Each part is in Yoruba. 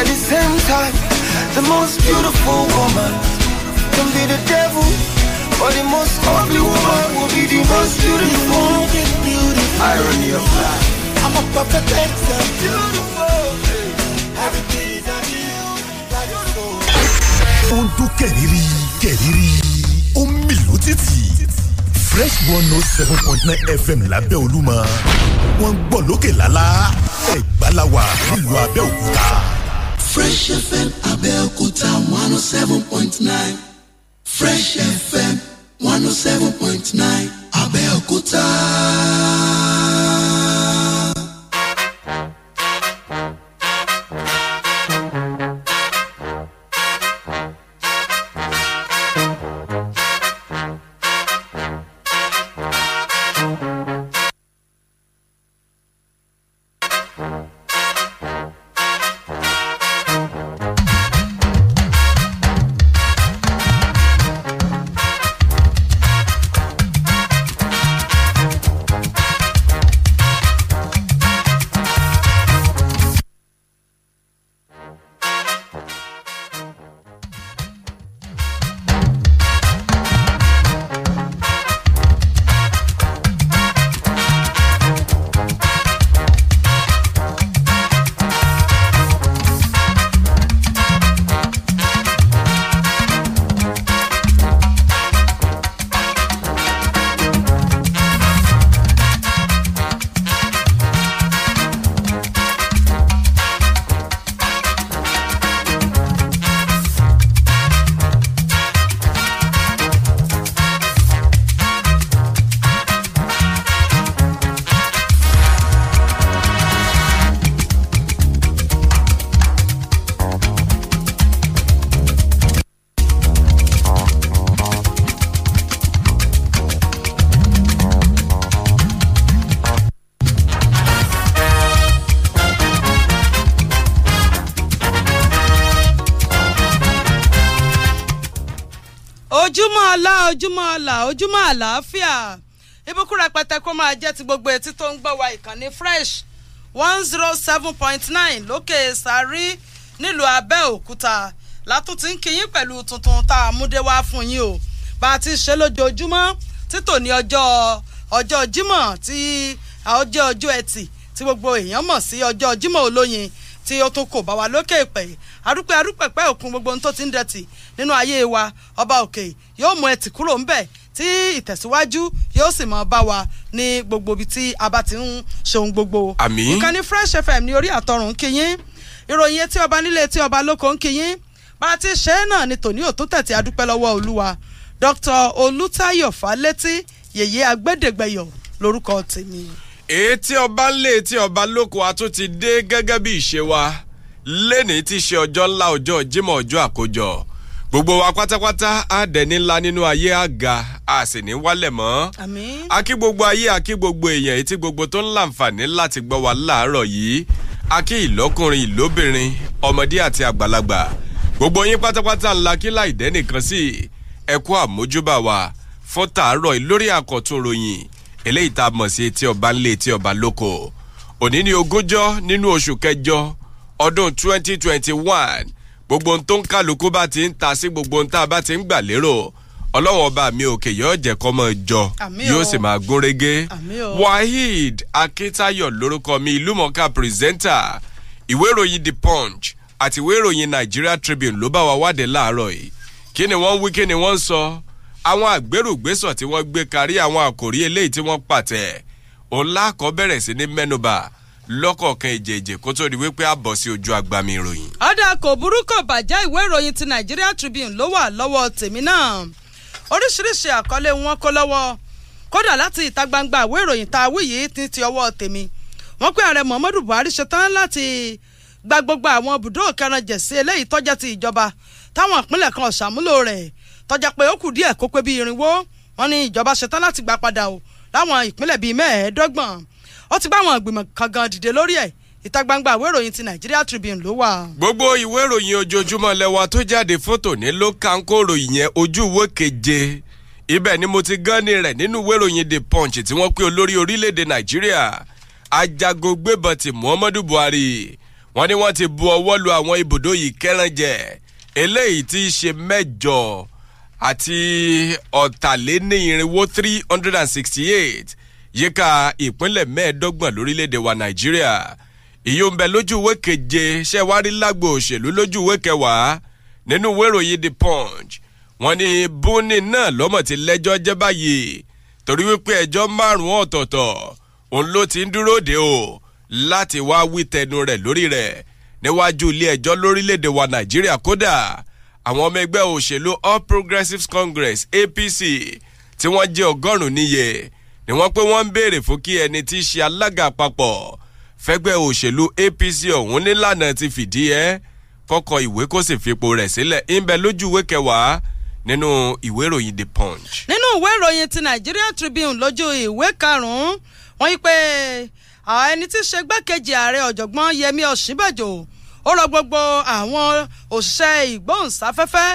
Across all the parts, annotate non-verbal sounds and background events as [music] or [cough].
At the same time, the most beautiful woman can be the devil, but the most ugly woman will be the most beautiful. Irony of life. I'm a perfect beautiful. Everything is on you, like so. Ó ń dún kẹ̀rìírí kẹ̀rìírí, ó fresh one note oh seven point nine fm lábẹ́ olúmọ wọ́n ń gbọ́ lókè lálá ẹ̀gbá la nílùú abẹ́òkúta. Fresh FM Abẹ́òkúta one oh seven point nine Fresh FM one oh seven point nine Abẹ́òkúta. ojúmọ́ ọlà ojúmọ́ àlàáfíà ibùkúra pẹ̀tẹ́kọ́ máa jẹ́ ti gbogbo etí tó ń gbọ́ wa ìkànnì fresh one zero seven point nine lókè sáré nílùú abẹ́òkúta látún ti ń kíyín pẹ̀lú tuntun tá a múdé wá fún yín o bá a ti ṣe lójoojúmọ́ títò ní ọjọ́ ọjọ́ jímọ̀ tí ọjọ́ ọjọ́ ẹtì tí gbogbo èèyàn mọ̀ sí ọjọ́ jímọ̀ olóyin tí ó tó kò bá wa lókè ìpè arúpẹ́ arúpẹ́ pẹ́ òkun gbogbo ohun tó ti ń dẹ̀tì nínú ayé wa ọba òkè yóò mú ẹtì kúrò ńbẹ̀ tí ìtẹ̀síwájú yóò sì máa bá wa ní gbogbo ibi tí a bá ti ń ṣohun gbogbo. àmì ìkànnì fresh fm ní orí àtọrùn kíyín ìròyìn etí ọba nílé etí ọba lóko ń kíyín bá a ti ṣe é náà ni tòní òtún tẹ̀tí adúpẹ́ lọ́wọ́ olúwa dr olùtayọ̀ fálétí yèyé agbẹ́dẹ́gbẹ́yọ̀ lórúkọ tèmi ètí ọba ńlẹ̀ ètí ọba lóko a tún ti dé gẹ́gẹ́ bí ìṣe wa lẹ́nìí ti ṣe ọjọ́ ńlá ọjọ́ Jímọ̀ ọjọ́ àkójọ gbogbo wa pátápátá á dẹni ńlá nínú ayé àga a sì ní wálẹ̀ mọ́ a gbogbo ayé a gbogbo èèyàn etí gbogbo tó ń láǹfààní láti gbọ́ wa láàárọ̀ yìí a ìlọ́kùnrin ìlóbìnrin ọmọdé àti àgbàlagbà gbogbo yín pátápátá ńlá kí láì dẹ́nìkan sí ẹ̀kú àmójúbà wa fún lórí àkọ́tún ròyìn eléyìí tá a mọ̀ sí etí ọba ńlẹ̀ etí ọba lóko òní ní ogúnjọ́ nínú oṣù kẹjọ ọdún twenty gbogbo ohun tó ń kálukú bá ti ń ta sí gbogbo ohun tá a bá ti ń gbà lérò ọlọ́wọ́n ọba mi òkè yóò jẹ́ kọ́ mọ́ jọ yóò sì máa gún régé waheed akintayo lórúkọ mi ìlúmọ̀ọ́ká pírẹsẹ́ńtà ìwé ìròyìn the punch àti ìwé ìròyìn nigeria tribune ló bá wa wádìí láàárọ̀ yìí kí ni wọ́n wí kí ni wọ́n sọ. So àwọn àgbérùgbésọ̀ tí wọ́n gbé kárí àwọn àkòrí eléyìí tí wọ́n pàtẹ́ òun lákọ̀ bẹ̀rẹ̀ sí ní mẹ́nubà lọ́kọ̀ọ̀kan ìjèjì kó tó di wípé a bọ̀ sí ojú agbami ìròyìn. ọ̀dà kò burúkọ bàjẹ́ ìwé ìròyìn ti Nigeria Tribune ló wà lọ́wọ́ tèmi náà oríṣiríṣi àkọlé wọn kó lọ́wọ́ kódà láti ìta gbangba ìwé ìròyìn tá a wí yìí ti ti ọwọ́ tèmi wọ́n pé ààrẹ Muhammadu Buhari ṣetán láti gba gbogbo àwọn ibùdó ìkẹrànjẹ sí eléyìí tọ́jà ti ìjọba táwọn ìpínlẹ̀ kan ṣàmúlò rẹ̀ tọ́já pé ó kù díẹ̀ kó pé bíi irinwó wọn ní ìjọba ṣetán láti gbà padà o láwọn ìpínlẹ̀ bíi mẹ́ẹ̀ẹ́dọ́gbọ̀n ó ti bá àwọn ìgbìmọ̀ kan gan dìde lórí ẹ̀ ìta gbangba ìwé ìròyìn ti Nigeria Tribune ló wà. gbogbo ìwé ìròyìn ojoojúmọ́ lẹ́wà tó jáde fún tòní ló ka ń kó ròyìn yẹn ojú ìwé keje ibẹ̀ ni mo ti gánni rẹ̀ nínú ìwé ìròyìn The Punch tí wọ́n pè olórí orílẹ̀-èdè Nàìjíríà ajagun gbébọn ti Muhammadu Buhari wọ́n ní wọ́n ti bu ọwọ́ lu àwọn ibùdó yìí kẹrànjẹ eléyìí ti ṣe mẹ́jọ àti ọ̀tàléníirinwó three hundred and sixty eight yíká ìpínlẹ̀ mẹ́ẹ̀ẹ́dọ́gbọ̀n lórílẹ̀‐èdè wa nàìjíríà ìyó ń bẹ lójú ìwé keje ṣẹ́wárí lágbo òṣèlú lójú ìwé kẹwàá nínú ìwé ìròyìn the punch wọ́n ní bóni náà lọ́mọ tí lẹ́jọ́ jẹ́ báyìí torí wípé ẹjọ́ márùn-ún ọ̀tọ̀ọ̀tọ̀ òun ló ti ń dúró de o láti wá wí tẹnu rẹ̀ lórí rẹ̀ níwájú ilé ẹjọ́ lórílẹ̀ wa nàìjíríà kódà àwọn ọmọ ẹgbẹ́ òṣèlú All Progressives Congress APC tí wọ́n jẹ́ ọgọ́rùn-ún níye ni wọ́n pé wọ́n ń béèrè fún kí ẹni tí í ṣe alága àpapọ̀ fẹ́gbẹ́ òṣèlú APC ọ̀hún nílànà ti fìdí ẹ̀ kọ́kọ́ ìwé kó sì fipò rẹ̀ sílẹ̀ ńbẹ lójú ìwé kẹwàá nínú ìwé ìròyìn The Punch. nínú ìwé ìròyìn ti Nigerian Tribune lójú ìwé karùn-ún wọ́n yí pé ẹni tí í ṣe gbákejì ààrẹ ọ̀jọ̀gbọ́n Yẹmí Ọ̀ṣínbàjò ó rọ gbogbo àwọn òṣìṣẹ́ ìgbóhùnsáfẹ́fẹ́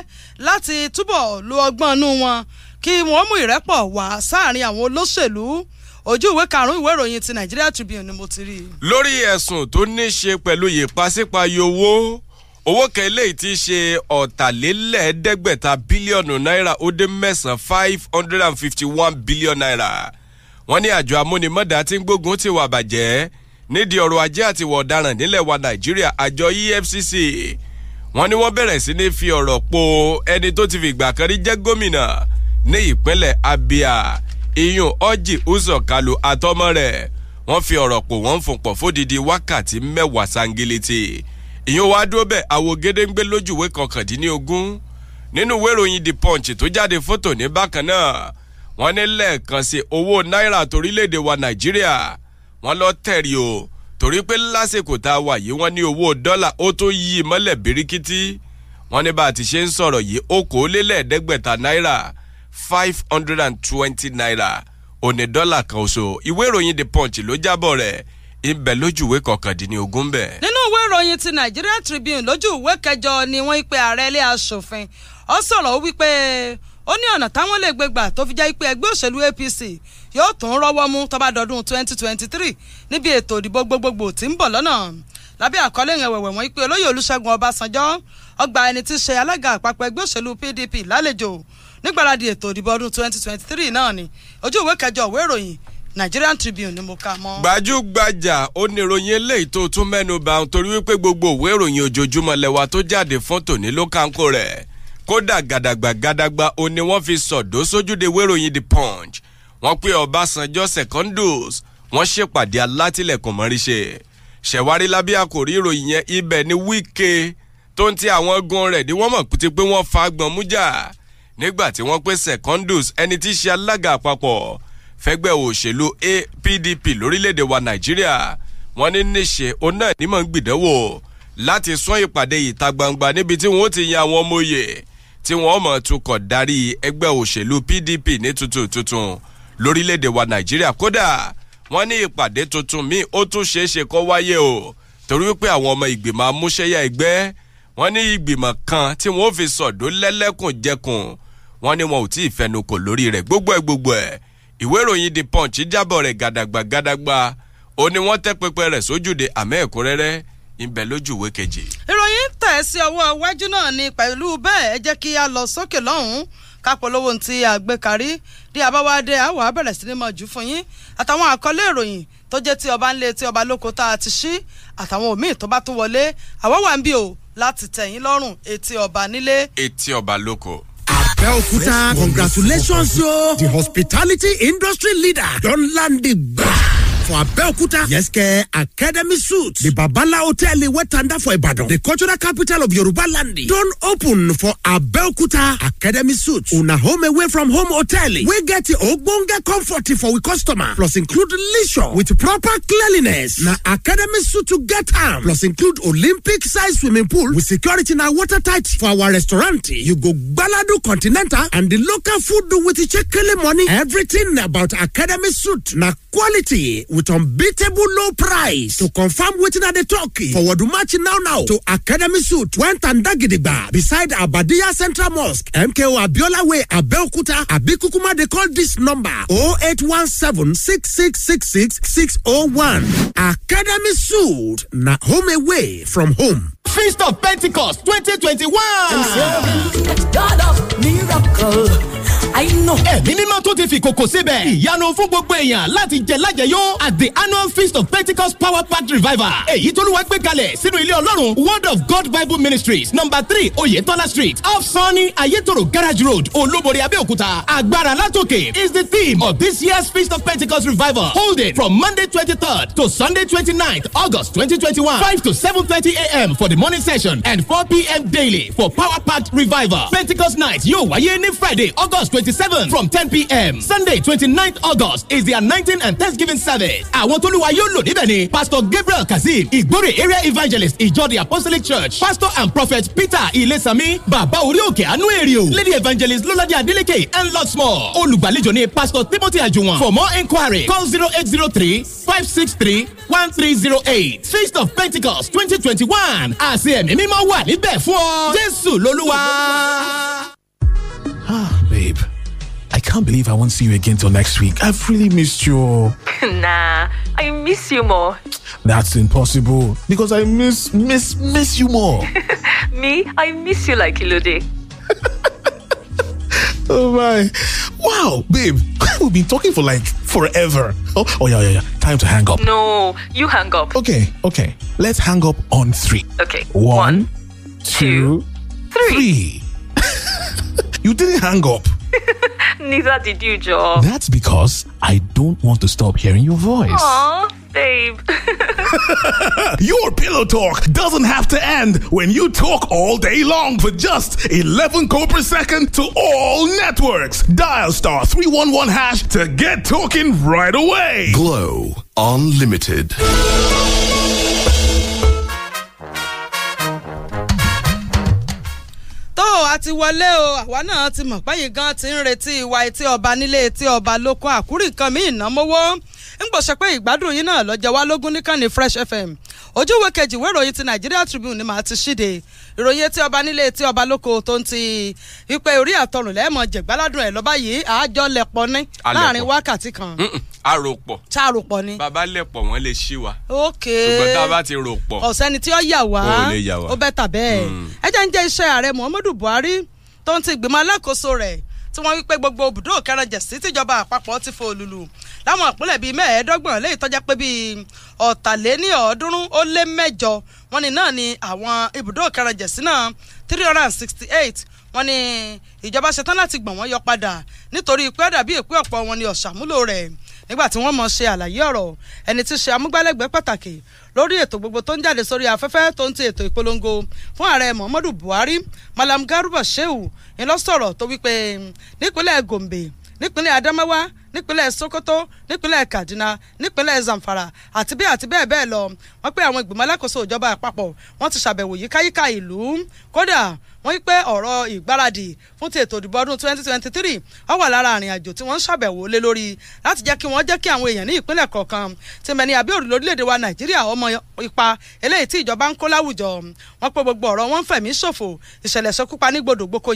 láti túbọ̀ lo ọgbọ́n inú wọn kí wọ́n mú ìrẹ́pọ̀ wá sáàrin àwọn olóṣèlú ojú ìwé karùnún ìwé ìròyìn ti Nigeria Tribune ni mo ti rí. lórí ẹ̀sùn tó ní í ṣe pẹ̀lú ìpàsípààyè owó owó kan eléyìí ti ṣe ọ̀tàlélẹ́ẹ̀ẹ́dẹ́gbẹ̀ta bílíọ̀nù náírà ó dé mẹ́sàn-án five hundred and fifty one billion naira wọ́n ní àjọ amúnimọ́dá tí ń gbógun ti wà bàjẹ́ nídìí ọ̀rọ̀ ajé àti ìwà ọ̀daràn nílẹ̀ wa nàìjíríà àjọ efcc wọ́n ní wọ́n bẹ̀rẹ̀ sí ní fi ọ̀rọ̀ po ẹni tó ti fi ìgbà kan rí jẹ́ gómìnà ní ìpínlẹ̀ abia iyun ọjì uzo kalu àtọmọ rẹ̀ wọ́n fi ọ̀rọ̀ po wọ́n fún pọ̀ fódìdí wákàtí mẹ́wàá sangiliti ìyún wa dúró bẹ́ẹ̀ àwo gédéǹgbé lójúwé kọkàndínlógún nínú ìwé ìròyìn the punch tó jáde fótò ní bákan náà wọ́n ní lẹ́ẹ̀kan sí owó náírà torílẹ̀-èdè wa nàìjíríà wọ́n lọ tẹ̀rí o torí pé lásìkò tá a wà yìí wọ́n ní owó dọ́là ó tó yí mọ́lẹ̀ birikiti wọ́n ní bá a ti ṣe ń sọ̀rọ̀ yìí okòólélẹ́ẹ̀ẹ́dẹ́gbẹ̀ta náírà five hundred and twenty naira òní dọ́là kan oṣù ìwé ìròyìn the punch ló jábọ̀ rẹ̀ ibẹ̀ lójúwèé kọkàndínlógún bẹ̀. nínú ìwé ìròyìn ti Nigeria Tribune lójú ìwé kẹjọ ni wọ́n ń pe ààrẹ ilé asòfin ó sọ̀rọ̀ wípé ó ní ọ̀nà táwọn lè gbégbà tó fi jẹ́ pé ẹgbẹ́ òṣèlú APC yóò tún rọ́wọ́ mú tó dọdún 2023 níbi ètò ìdìbò gbogbogbò tí ń bọ̀ lọ́nà lábẹ́ àkọlé yẹn wẹ̀wẹ̀ wọ́n pé olóyè olúṣẹ́gun ọbásanjọ́ ọgbà ẹni tí í ṣe alága àpapọ̀ ẹgbẹ́ òṣèlú PDP lálejò nígbàradì ètò ìdìbò ọdún 2023 náà ni ojú ìwé kẹjọ ìwé ìròyìn Nigerian Tribune ni mo kà mọ́. gbajúgbajà oníròyìn eléyìí tó tún mẹ́nu bà ń torí wípé gbogbo ìwé ìròyìn ojoojúmọ́ lẹ́wà tó jáde fún tòní ló kà rẹ̀ kódà gàdàgbà gàdàgbà ó ní wọ́n fi sọ̀dọ́ sójúde wéròyìn the punch wọ́n pé Ọbásanjọ́ secondos wọ́n ṣèpàdé alátìlẹ̀kùn mọ́ríṣẹ́ ṣẹ̀wárí lábẹ́ àkòrí ìròyìn yẹn ibẹ̀ ni Wike tó ń ti àwọn gun rẹ̀ ni wọ́n mọ̀ kúti pé wọ́n fa gbọ̀n mú jà nígbà tí wọ́n pé secondos ẹni tí í ṣe alága àpapọ̀ fẹ́gbẹ́ òṣèlú APDP lórílẹ̀ wa Nàìjíríà wọ́n ní níṣe òun náà ní mọ̀ ń gbìdánwò láti sún ìpàdé ìta gbangba níbi tí wọ́n ti yan àwọn ọmọ òye tí wọ́n mọ̀ tukọ̀ darí ẹgbẹ́ òṣèlú PDP ní tuntun tuntun lórílẹ̀ wa Nàìjíríà kódà wọ́n ní ìpàdé tuntun míì ó tún ṣeé kó wáyé o torí wípé àwọn ọmọ ìgbìmọ̀ amúṣẹ́yà ẹgbẹ́ wọ́n ní ìgbìmọ̀ kan tí wọ́n fi sọ̀dọ̀ lẹ́lẹ́kùnjẹkùn wọ́n ní wọn ò tí ì fẹnukò lórí rẹ̀ gbogbo ẹ̀ gbogbo ẹ̀ ìwé ìròyìn The Punch jábọ̀ rẹ̀ gàdàgbà gàdàgbà ó ní wọ́n tẹ́ pẹpẹ rẹ̀ sójúde àmẹ́ ẹ̀kúnrẹ́rẹ́ ìbẹ̀ lójú ìwé kejì. ìròyìn tẹ̀ sí ọwọ́ iwájú náà ni pẹ̀lú bẹ́ẹ̀ ẹ jẹ́ kí a lọ sókè lọ́hùn-ún kápolówó ti àgbékarí bí abáwádé àwọ̀ abẹ̀rẹ̀ sí ni mọ̀ jù fún yín àtàwọn àkọlé ìròyìn tó jẹ́ ti ọba ńlẹ̀ ti ọba lóko tá a ti ṣí àtàwọn òmíì tó bá tún wọlé àwọ̀ wà ń bí o láti tẹ̀yìn lọ́rùn etí ọba nílé. etí ọba lóko. Abeokuta, congratulations yo! The hospitality industry leader don land the gbaa. for Abeokuta. Yes, ke Academy Suits. The Babala Hotel in Wetanda for Ibadan. The cultural capital of Yoruba land. not open for Abeokuta Academy Suits. Una home away from home hotel. We get ogbonge comfort for we customer. Plus include leisure with proper cleanliness. Na Academy Suit to get arm. Plus include Olympic size swimming pool with security na watertight for our restaurant. You go Baladu Continental and the local food with the money. Everything about Academy Suit. Na quality with unbeatable low price. To confirm waiting at the what Forward match now now to Academy Suit, Went and bar beside Abadia Central Mosque, MKO Abiola Way, Abelkuta, Abikukuma. They call this number 0817 Academy Suit, na home away from home. Feast of Pentecost 2021. God of miracle. Ẹ̀mí mímọ́ tó ti fi kòkò síbẹ̀. Ìyanu fún gbogbo èèyàn láti jẹ lájẹyó at the annual feast of Pentecost Power Pack Revival. Èyí tó lúwa gbé kalẹ̀ sínú ilé Ọlọ́run Word of God Bible Ministries number three Oyetola street off Sunny Ayetoro Garage Road Olúborí Abẹ́òkúta. Agbára látòkè is the theme of this year's feast of Pentecost Revival holding from Monday 23rd to Sunday 29th August 2021, 5 to 7:30 a.m. for the the morning session and 4 p.m. daily for power packed revival. Pentecost night yóò wáyé ní Friday August 27th, from 10 p.m. Sunday 29th August is their nineteen and thanksgiving service. Àwọn tó lùwà yóò lò níbẹ̀ ni Pastor Gabriel Kazeem Ìgbórè area evangelist ìjọ the apostolic church Pastor and prophet Peter Ilesami Bàbá orí òkè Àánú Èrìò Lady evangelist Lọ́ládé Adélékè and lots more. Olùgbàlejò ni Pastor Timothy Ajuwon. For more inquiry call zero eight zero Feast of Pentecost 2021. ẹ̀mí mímọ́ wà níbẹ̀ fún ọ. Jésù lolúwa. Ah, babe, I can't believe I won't see you again till next week. I've really missed you. [laughs] nah, I miss you more. That's impossible because I miss, miss, miss you more. [laughs] Me, I miss you like Ilode. [laughs] oh my. Wow, babe, we've been talking for like forever. Oh, oh yeah, yeah, yeah. Time to hang up. No, you hang up. Okay, okay. Let's hang up on three. Okay. One, One two, two, three. three. [laughs] you didn't hang up. [laughs] [laughs] Neither did you, Joe. That's because I don't want to stop hearing your voice. Aww, babe. [laughs] your pillow talk doesn't have to end when you talk all day long for just 11 co per second to all networks. Dial star 311 hash to get talking right away. Glow Unlimited. tó a ti wọlé o àwa náà ti mọ̀ pẹ́yìn gan ti ń retí ìwà etí ọba nílé etí ọba lóko àkúrì kan mí ìnámọ́wó ń gbọ́sẹ̀ pé ìgbádùn yín náà lọ́jọ́ wa lógún níkànnì fresh fm ojúwe kejì ìwé ìròyìn ti nigeria tribune ni màá ti ṣíde ìròyìn etí ọba nílé etí ọba lóko tó ń ti wípé orí àtọrùn lẹ́ẹ̀mọ jẹ̀gbáládùn ẹ̀ lọ́ba yìí àájọ lẹ̀pọ̀ ní láàrin wákàtí kan. àròpọ̀ tá ni. bàbá lẹ̀pọ̀ wọ́n lè ṣí wa. ok ṣùgbọ́n tá a bá ti ròpọ̀. ọ̀sẹ́ni tí ó yà wá ó bẹ́ tà bẹ́ẹ̀. Mm. ẹ jẹ́ ń jẹ́ iṣẹ́ ààrẹ Muhammadu Buhari tó ń ti gbìmọ̀ alákòóso rẹ̀ tí wọ́n wípé gbogbo ibùdó kẹrànjẹ̀sí tìjọba àpapọ̀ ti fò lùlù láwọn ìpínlẹ̀ bíi mẹ́ẹ̀ẹ́dọ́gbọ̀n léyìí tọ́já pé bíi ọ̀tàléníọ̀ọ́dúnrún ó lé mẹ́jọ wọn ni náà ni àwọn ibùdó kẹrànjẹ̀sí náà three hundred and sixty eight wọn ni ìjọba ṣetán láti gbọ̀n wọ́n yọ padà nítorí pé dàbí ìpín ọ̀pọ̀ wọn ni ọ̀ṣàmúlò rẹ̀ nígbà tí wọ́n mọ̀ ṣe àlàyé ọ̀rọ̀ ẹni tí ṣe amúgbálẹ́gbẹ̀ẹ́ pàtàkì lórí ètò gbogbo tó ń jáde sórí afẹ́fẹ́ tó ń ti ètò ìpolongo fún ààrẹ muhammadu buhari malam garuba shehu ńlọsọ̀rọ̀ tó wípé nípínlẹ̀ gombe nípínlẹ̀ adamawa nípínlẹ̀ sokoto nípínlẹ̀ kaduna nípínlẹ̀ zamfara àti bí àti bẹ́ẹ̀ bẹ́ẹ̀ lọ wọ́n pé àwọn ìgbìmọ̀ alákòóso ìjọba àpapọ̀ wọ́n ti ṣàbẹ̀wò yíkáyíká ìlú kódà wọ́n wí pé ọ̀rọ̀ ìgbáradì fún ti ètò ìdìbò ọdún 2023 ó wà lára àrìn àjò tí wọ́n ń ṣàbẹ̀wò lé lórí láti jẹ́ kí wọ́n jẹ́ kí àwọn èèyàn ní ìpínlẹ̀ kọ̀ọ̀kan ti mẹ́ni àbíòrì lórílẹ̀‐èdè wa nàìjíríà ọmọ ipa eléyìí tí ìjọba ń kó láwùjọ wọ́n pé gbogbo ọ̀rọ̀ wọn ń fẹ̀mí ṣòfò ìṣẹ̀lẹ̀ sọkúpa ní gbòdògbòkò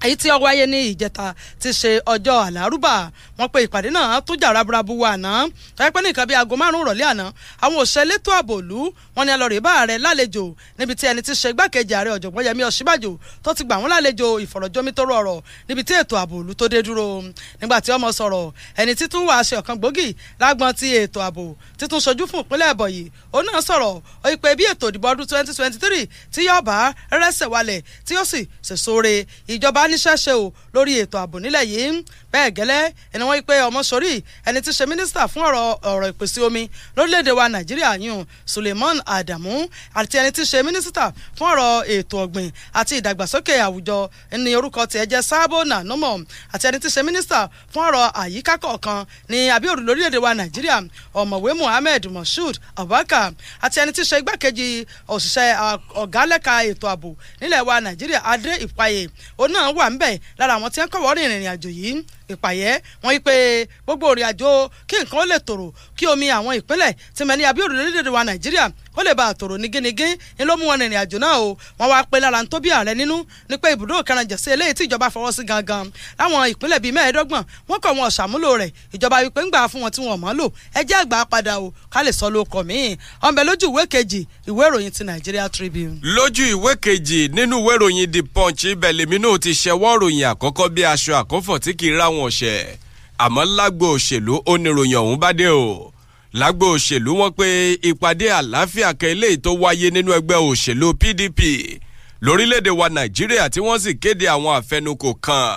èyí tí ó wáyé ní ìjẹta ti ṣe ọjọ́ àlárúbà wọ́n pe ìpàdé náà tó jà raburabu wa àná tọ́yẹ́ pé ní nǹkan bíi aago márùn-ún rọ̀lẹ́ àná àwọn òṣèlú ètò ààbò ìlú wọn ni ẹlọ́rìí bá ààrẹ lálejò níbi tí ẹni tí ṣe igbákejì ààrẹ ọ̀jọ̀gbọ́n yẹmí ọ̀ṣíbàjò tó ti gbà wọ́n lálejò ìfọ̀rọ̀jomitoro ọ̀rọ̀ níbi tí ètò ààbò ìlú tó dé dúró nígbà tí ọmọ sọ̀rọ̀ ẹni títún wàá ṣe ọ̀kan gbòógì lágbọ́n ti ètò ààbò títún ṣojú fún ìpínlẹ̀ ẹ̀bọ̀yì òun náà sọ̀rọ̀ ó yí pé bí ètò ìdìbò ọdún twenty twenty three tí yóò bá rẹ́sẹ̀ walẹ̀ tí yóò sì ṣèṣore ìjọba aníṣẹ́ṣe o lórí ètò ààbò nílẹ̀ yìí bẹ́ẹ̀ gẹ́lẹ́ ẹni wọ́n pé ọmọsórí ẹni tí ṣe mínísítà fún ọ̀rọ̀ ọ̀rọ̀ ìpèsè omi lórílẹ̀‐èdè wa nàìjíríà yìí suleiman adamu àti ẹni tí ṣe mínísítà fún ọ̀rọ̀ ètò ọ̀gbìn àti ìdàgbàsókè àwùjọ ní orúkọ tiẹ̀ jẹ́ sábò nànúmọ̀ àti ẹni tí ṣe mínísítà fún ọ̀rọ̀ àyíká kọ̀ọ̀kan ní abiodun lórílẹ̀‐èdè wa nàìjíríà ọ̀mọ̀wé muhammed moshood abubakar àti ẹni tí ṣe igbákejì òṣìṣẹ́ ọ̀gá lẹ́ka ètò ààbò nílẹ̀ wa nàìjíríà adé ìpayè òun náà wà ń bẹ̀ lára àwọn tí wọ́n kọ̀wọ́ rìnrìn àjò yìí ìpàyẹ́ wọ́n yí pé gbogbo òrìn àjò kí nǹkan ó lè tòrò kí omi àwọn ìpínlẹ̀ tí mẹ́ni abíòrò lórílẹ̀‐èdè wa nàìjíríà ó lè ba àtòrò nígínnígín ni ló mú wọn rìnrìn àjò náà o wọn wá pé lára ń tó bí ààrẹ nínú ni pé ibùdó ìkẹrànjẹ sí eléyìí tí ìjọba fọwọ́ sí gangan láwọn ìpínlẹ̀ bíi mẹ́ẹ̀ẹ́dọ́gbọ̀n wọn kọ̀ wọn ṣàmúlò rẹ̀ ìjọba wípé ń gbà fún wọn tí wọn mọ̀ lò ẹ jẹ́ àgbà padà o ká lè sọ lóko míì ọ̀nbẹ lójú ìwé kejì ìwé ìròyìn ti Nigeria Tribune. lójú ìwé kejì nínú ìwé ohun ọ̀sẹ̀ àmọ́ lágbo òṣèlú ó ní ròyìn ọ̀hún bá dé o lágbo òṣèlú wọn pé ìpàdé àlàáfíà kan eléyìí tó wáyé nínú ẹgbẹ́ òṣèlú PDP lórílẹ̀‐èdè wa Nàìjíríà tí wọ́n sì kéde àwọn àfẹnukò kan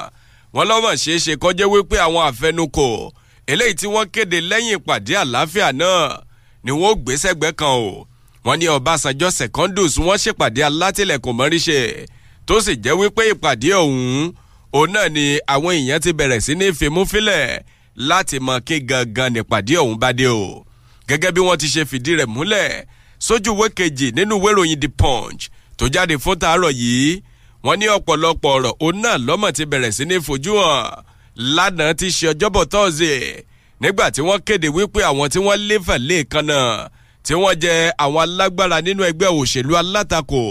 wọ́n lọ́mọ̀ ṣeé ṣe kọjá wípé àwọn àfẹnukò eléyìí tí wọ́n kéde lẹ́yìn ìpàdé àlàáfíà náà ni wọ́n ó gbé sẹ́gbẹ́ kan o wọ́n ní Ọbásanjọ́ Secondus wọ́n ṣèpàdé alátìlẹ̀kùn mọ́ríṣe tó sì jẹ́ wípé ìpàdé ọ̀hún òun náà ni àwọn èèyàn ti bẹ̀rẹ̀ sí ní fimúfilẹ̀ láti mọ kí gangan nípàdé ọ̀hún bá dé o gẹ́gẹ́ bí wọ́n ti ṣe fìdí rẹ̀ múlẹ̀ sójú ìwé kejì nínú ìwé ìròyìn The Punch tó jáde fún tàárọ̀ yìí wọ́n ní ọ̀pọ̀lọpọ̀ ọ̀rọ̀ òun náà lọ́mọ̀ ti bẹ̀rẹ̀ sí ní fojú hàn lánàá ti ṣe ọjọ́bọ̀ tọ́sídẹ̀ẹ́ nígbà tí wọ́n kéde wípé àwọn tí wọ́n léfà lẹ́ẹ̀kan náà tí wọ́n jẹ́ àwọn alágbára nínú ẹgbẹ́ òṣèlú alátakò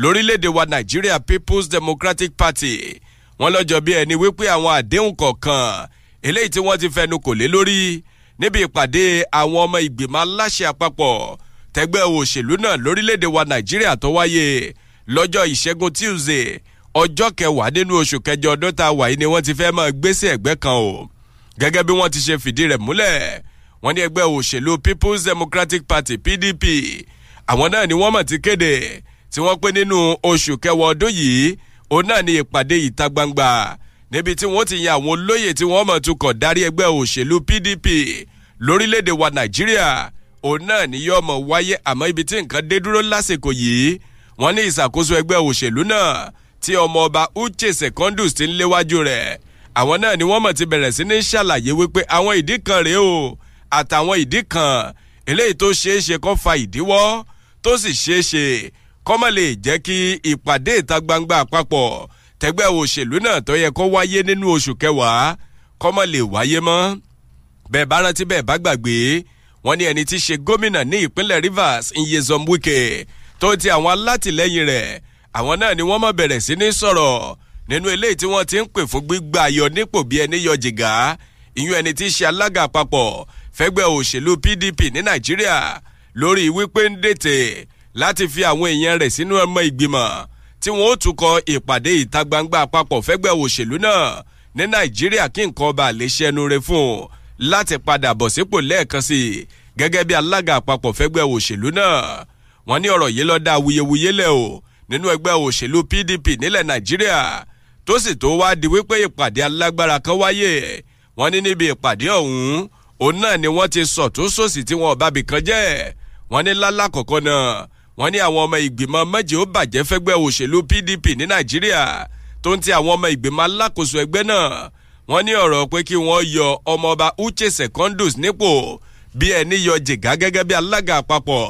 lórílẹ̀‐èdè wa Nigeria People's Democratic Party wọ́n lọ́jọ́ bí ẹni wípé àwọn àdéhùn kọ̀ọ̀kan eléyìí tí wọ́n ti fẹnu kò lé lórí níbi ìpàdé àwọn ọmọ ìgbìmọ̀ aláṣẹ àpapọ̀ tẹgbẹ́ òṣèlú náà lórílẹ̀ wa nàìjíríà tó wáyé lọ́jọ́ ìṣẹ́gun tuesday ọjọ́ kẹwàá nínú oṣù kẹjọ ọdún tá a wà yìí ni wọ́n ti fẹ́ máa gbéṣẹ́ ẹ̀gbẹ́ kan o gẹ́gẹ́ bí wọ́n ti ṣe fìdí rẹ̀ múlẹ̀ wọ́n ní ẹgbẹ́ òṣèlú people's democratic party pdp àwọn náà ni wọ́n mọ̀ ti kéde tí wọ́n pé nínú oṣù kẹwàá ọdún yìí òun náà ni ìpàdé ìta gbangba níbi tí wọ́n ti yan àwọn olóyè tí wọ́n mọ̀ tukọ̀ darí ẹgbẹ́ òṣèlú PDP lórílẹ̀‐èdè wa Nàìjíríà òun náà ni yóò mọ̀ wáyé àmọ́ ibi tí nǹkan dé dúró lásìkò yìí wọ́n ní ìṣàkóso ẹgbẹ́ òṣèlú náà tí ọmọ ọba Uche Secondus ti ń léwájú rẹ̀ àwọn náà ni wọ́n mọ̀ ti bẹ̀rẹ̀ sí ní ṣàlàyé wípé àwọn ìdí kan rèé o àtàwọn ìdí kan eléyìí tó ṣeé ṣe kó fa ìdíwọ́ tó sì ṣeé kọ́mọ̀ lè jẹ́ kí ìpàdé ìta gbangba àpapọ̀ tẹgbẹ́ òṣèlú náà tó yẹ kó wáyé nínú oṣù kẹwàá kọ́mọ̀ lè wáyé mọ́ bẹ́ẹ̀ bá rántí bẹ́ẹ̀ bá gbàgbé wọ́n ní ẹni tí í ṣe gómìnà ní ìpínlẹ̀ Rivers Nyesom Wike tó ti àwọn alátìlẹyìn rẹ̀ àwọn náà ni wọ́n mọ̀ bẹ̀rẹ̀ sí ní sọ̀rọ̀ nínú eléyìí tí wọ́n ti ń pè fún gbígbà ayọ nípò bí ẹni yọ jìgá ìyún ẹni tí í ṣe alága àpapọ̀ fẹ́gbẹ́ òṣèlú PDP ní Nàìjíríà lórí wípé ń dètè láti fi àwọn èèyàn rẹ̀ sínú ọmọ ìgbìmọ̀ tí wọ́n ó tún kọ ìpàdé ìta gbangba àpapọ̀ fẹ́gbẹ́ òṣèlú náà ní nàìjíríà kí nǹkan ọba lè ṣẹnu re fún un láti padà bọ̀ sípò lẹ́ẹ̀kan sí i gẹ́gẹ́ bí alága àpapọ̀ fẹ́gbẹ́ òṣèlú náà wọ́n ní ọ̀rọ̀ yìí ló dá awuyewuye lẹ̀ o nínú ẹgbẹ́ òṣèlú pdp nílẹ̀ nàìjíríà tó sì tó wá di wípé ìpàdé alágbára kan wáyé wọ́n ní níbi ìpàdé ọ̀hún òun náà ni wọ́n ti sọ̀tún sòsì tí wọn ọ̀bábì kan jẹ́ wọ́n ní lálákọ̀ọ́kọ́ náà wọ́n ní àwọn ọmọ ìgbìmọ̀ mẹ́jẹ̀ ó bàjẹ́ fẹ́gbẹ́ òṣèlú PDP ní Nàìjíríà tó ń ti àwọn ọmọ ìgbìmọ̀ alákòóso ẹgbẹ́ náà wọ́n ní ọ̀rọ̀ pé kí wọ́n yọ ọmọọba Uche Secondus nípò bí ẹni yọ jìgá gẹ́gẹ́ bí alága àpapọ̀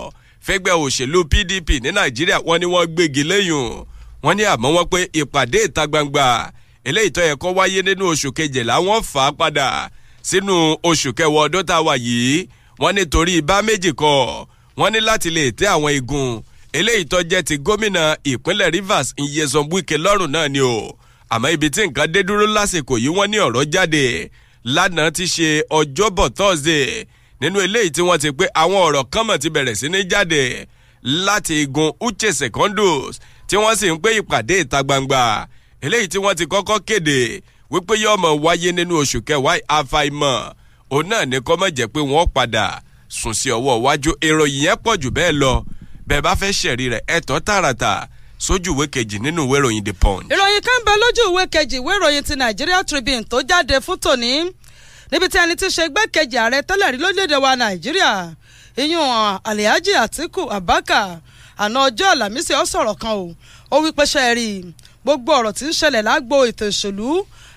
fẹ́gbẹ́ òṣèlú PDP ní Nàìjíríà wọ́n ní wọ́n gbégi lẹ́yìn wọ́n ní àmọ́ wọ́n pé ìpàdé ìta gbangba eléyìí tó yẹ kó wáyé nínú oṣù kejìlá wọ́n fà á padà sínú oṣù kẹwàá ọdún tá a wà yìí wọ́n nítorí ibà méjì kọ́ wọ́n ní láti lè tẹ́ àwọn igun eléyìí tó jẹ́ ti gómìnà ìpínlẹ̀ Rivers Nyesom Wike lọ́rùn náà ni o àmọ́ ibi tí nǹkan dé dúró lásìkò yìí wọ́n ní ọ̀rọ̀ jáde lánàá ti ṣe ọjọ́bọ̀ Thursday nínú eléyìí tí wọ́n ti pé àwọn ọ̀rọ̀ kan mọ̀ ti bẹ̀rẹ̀ sí ní jáde láti igun Uche Secondos tí wọ́n sì ń pé ìpàdé ìta gbangba eléyìí tí wọ́n ti kọ́kọ́ kéde wípé yóò máa wáyé nínú oṣù kẹwàá àfàìmọ̀ òun náà ní kó pé wọ́n padà sùn sí ọwọ́ iwájú ìròyìn yẹn pọ̀ jù bẹ́ẹ̀ lọ bẹ́ẹ̀ bá fẹ́ ṣẹ̀rí rẹ̀ ẹ̀tọ́ tààràtà sójú ìwé kejì nínú ìwé ìròyìn the punch. ìròyìn kan bẹ lójú ìwé kejì ìwé ìròyìn ti Nigeria Tribune tó jáde fún tòní níbi tí ẹni tí ṣe igbákejì ààrẹ tẹ́lẹ̀ rí lórílẹ̀ wa Nàìjíríà ìyún Alhaji Atiku Abaka, àná ọjọ́ Àlàmísì ó sọ̀rọ̀ kan o ó wí pé ṣe é rí gbogbo ọ̀rọ̀ tí ń ṣẹlẹ̀ lágbo ètò ìṣèlú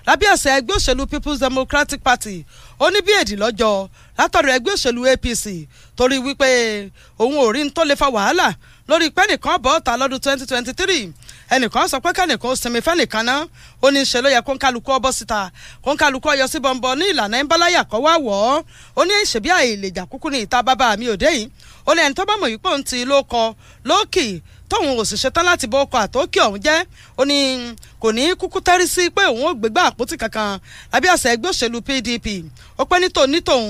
lábẹ́ ẹ̀sẹ̀ ẹgbẹ́ òṣèlú People's Democratic Party ó ní bí èdè lọ́jọ́ látọ̀dọ̀ ẹgbẹ́ òṣèlú APC torí wípé òun ò rí tó lè fa wàhálà lórí pé ẹnìkan bọ́ ọ̀tá lọ́dún twenty twenty three ẹnìkan sọ pé kẹ́nìkan ó sinmi fẹ́nìkan náà ó ní í ṣe ló yẹ kó ń kálukú ọbọ̀ síta kó ń kálukú ọyọ sí bọ̀ǹbọ̀ ní ìlànà ìbálàyà kọ́ wá wọ̀ ọ́ ó ní ìṣèbí àìlèjà kúkú ní ìta bàbá mi òde yìí ó lẹ́yìn tó bá mọ̀ yìí pò ń ti ló kọ lókì tóun ò sì ṣetán láti bọ ọkọ̀ àtọ́kẹ́ ọ̀hún jẹ́ ó ní kò ní kúkú tẹ́rí sí pé òun ò gbégbá àpótí kankan lábẹ́ àṣẹ ẹgbẹ́ òṣèlú PDP ó pẹ́ nítòun nítòun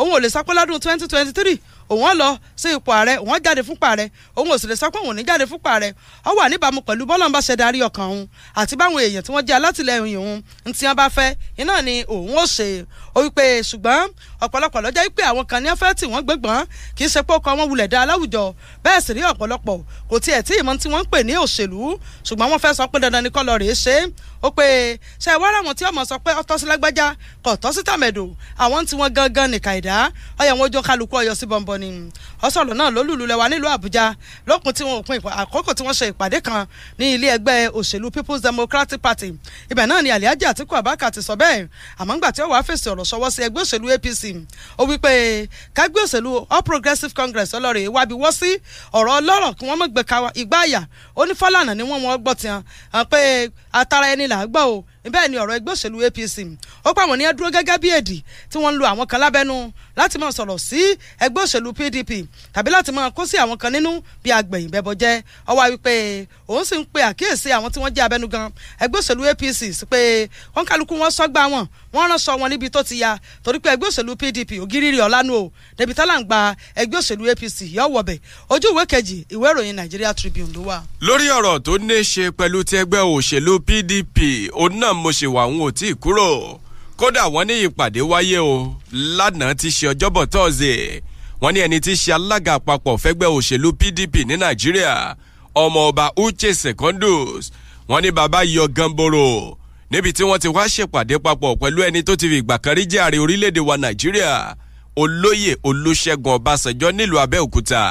òun ò lè sápẹ́ twenty twenty three òun lọ sí ipò ààrẹ òun jáde fúnpa rẹ òun ò sì lè sọ pé òun ní jáde fúnpa rẹ ó wà níbàámu pẹ̀lú bọ́lá ń bá ṣe darí ọkàn òun àti báwọn èèyàn tí wọ́n jẹ́ alátìlẹyìn òun ń tí wọ́n bá fẹ́ iná ni òun ò ṣe ó wí pé ṣùgbọ́n ọ̀pọ̀lọpọ̀ ló jẹ́ pé àwọn kan ní afẹ́ tí wọ́n gbégbọ́n kì í ṣe pé ọkọ̀ wọn wulẹ̀ dá láwùjọ bẹ́ẹ̀ sì rí ọ̀pọ̀lọpọ̀ kò tiẹ̀ tí ìmọ̀ tí wọ́n ń pè ní òṣèlú ṣùgbọ́n wọ́n fẹ́ sọ pé dandan ni kọ́ rèé ṣe ó pé ṣe wá ráwọn tí ọmọ sọ pé ọtọ́ sí lágbájá kò tọ́ sí tàmẹ̀dò àwọn tí wọ́n gangan nìka ìdá ọyàn lórúkọ ni ó náà lólùlù lẹ́wà nílùú àbújá lópin tí wọ́n òpin àkókò tí wọ́n ṣe ìpàdé kan ní ilé ẹgbẹ́ òṣèlú people's democratic party ibẹ̀ náà ni aliaji atiku abaka ti sọ bẹ́ẹ̀ àmọ́ ńgbà tí ó wàá fèsì ọ̀rọ̀ sọwọ́ sí ẹgbẹ́ òṣèlú apc ó wí pé kágbé òṣèlú all progressives congress ọlọ́rẹ̀ wábi wọ́ sí ọ̀rọ̀ ọlọ́rọ̀ kí wọ́n mọ̀ gbẹ̀ka igbá àyà ó ní fọ́lànà ni wọ́n wọ́n gbọ́ tiẹ̀ pé atara ẹni là á gbọ́ o bẹ́ẹ̀ ni ọ̀rọ̀ ẹgbẹ́ òṣèlú APC ó pa àwọn ènìyàn dúró gẹ́gẹ́ bí èdì tí wọ́n ń lo àwọn kan lábẹ́nu láti máa sọ̀rọ̀ sí ẹgbẹ́ òṣèlú PDP tàbí láti máa kó sí àwọn kan nínú bí agbẹ̀yìn bẹ́bọ jẹ́ ọwọ́ wípé òun sì ń pe àkíyèsí àwọn tí wọ́n jẹ́ abẹnugan ẹgbẹ́ òṣèlú APC pé wọ́n kálukú wọn sọ́gbà wọn wọ́n ránṣọ wọn níbi tó ti ya torí pé ẹgbẹ́ òṣèlú PDP ògiri ọ̀lànà o débi tálà ń gba ẹgbẹ́ òṣèlú APC yọ wọ̀bẹ̀ ojú ìwé kejì ìwé ìròyìn Nigeria Tribune ló wà. lórí ọ̀rọ̀ tó ní ṣe pẹ̀lú ti ẹgbẹ́ òṣèlú PDP òun náà mo ṣèwà òun ò tí ì kúrò kódà wọ́n ní ìpàdé wáyé o lánàá ti ṣe ọjọ́bọ̀ tọ́ọ̀sì wọ́n ní ẹni tí ṣe alága àpapọ̀ fẹ́gbẹ́ òṣèlú PDP ní Nàìjíríà ọmọọba uche secondus wọ́n ní bàbá yọ gánboro níbi tí wọ́n ti wá ṣèpàdé papọ̀ pẹ̀lú ẹni tó ti fi ìgbà kan rí jẹ́ orílẹ̀-èdè wa nàìjíríà olóyè olúṣẹ́gun ọbásanjọ́ nílùú abẹ́òkúta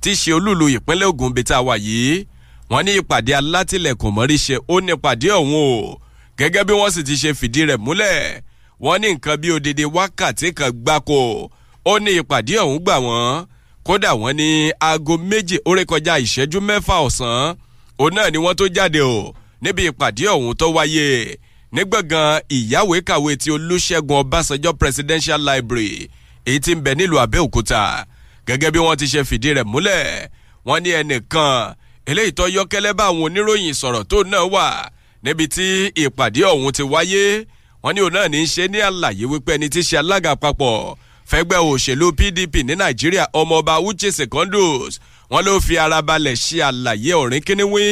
tí í ṣe olúlu ìpínlẹ̀ ògùn bíi tá a wà yìí wọ́n ní ìpàdé alátìlẹ̀kùn mọ́ríṣe ó ní ìpàdé ọ̀hún o gẹ́gẹ́ bí wọ́n sì ti ṣe fìdí rẹ̀ múlẹ̀ wọ́n ní nǹkan bí odidi wákàtí kan gbáko ó ní ìpàdé ọ̀hún gbà wọ́n kódà wọ́n ní aago méjì ó rékọjá ìṣẹ́jú mẹ́fà ọ̀sán òun náà ni wọ́n tó jáde o níbi ìpàdé ọ̀hún tó wáyé nígbàngàn ìyáwèékàwé ti olúṣẹ́gun ọbásanjọ́ presidential library èyí tí ń bẹ nílùú àbẹ́òkúta gẹ́gẹ́ bí wọ́n ti ṣe fìdí rẹ̀ múlẹ̀ wọ́n ní ẹnìkan eléyìí tó yọ́kẹ́lẹ́ bá àwọn oníròyìn sọ̀rọ̀ tó náà wà níbi tí ìpàdé ọ̀hún ti wáyé wọ́n ní òun náà ní í ṣe ní àlàyé wípé ẹni tí í ṣe alága àpapọ̀ fẹ́gbẹ́ òṣèlú PDP ní Nàìjíríà ọmọọba Uche Secondus wọ́n ló fi ara balẹ̀ ṣe àlàyé ọ̀rìn kíníwí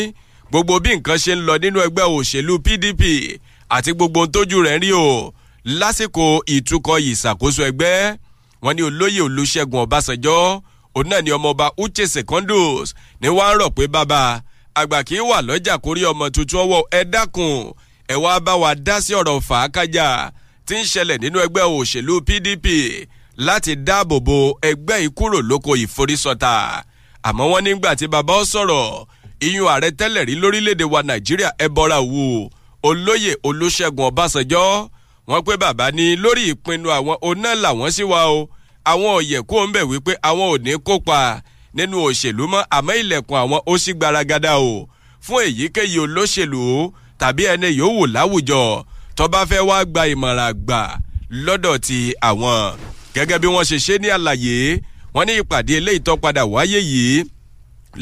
gbogbo bí nǹkan ṣe ń lọ nínú ẹgbẹ́ òṣèlú PDP àti gbogbo tójú rẹ̀ rí o lásìkò ìtukọ̀ ìṣàkóso ẹgbẹ́ wọ́n ní olóyè Olúṣẹ́gun Ọbásanjọ́ òun náà ni ọmọọba Uche Secondus ni wọ́n á rọ̀ pé bàbá àgbà kì í wà lọ́jà kórí ọmọ tuntun ọwọ́ ẹ dákun ẹ wá bá wa dá sí ọ̀rọ̀ fàákàjà tí ń ṣẹlẹ̀ nínú ẹgbẹ́ òṣèlú PDP láti dáàbò bo ẹgbẹ́ yìí kúrò lóko ìforísọta àmọ́ wọ́n nígbà tí bàbá ọ sọ̀rọ̀ iyún ààrẹ tẹ́lẹ̀ rí lórílẹ̀‐èdè wa nàìjíríà ẹ bọ́ra wò olóyè olúṣẹ́gun ọbásanjọ́ wọ́n pé bàbá ní lórí ìpinnu àwọn oná làwọn sí wa o àwọn òye kó ń bẹ̀ wípé àwọn ò ní kópa nínú òṣèlú mọ́ àmọ́ ilẹ̀kùn àwọn ó sì gbaragada o fún èyíkéyìí olóṣèlú tàbí ẹni yòówù láwùjọ tó bá fẹ́ wá gba ìmọ̀ràn àgbà lọ́dọ̀ ti àwọn gẹ́gẹ́ bí wọ́n ṣe ṣe ní àlàyé wọ́n ní ìpàdé eléyìí tó padà wáyé yìí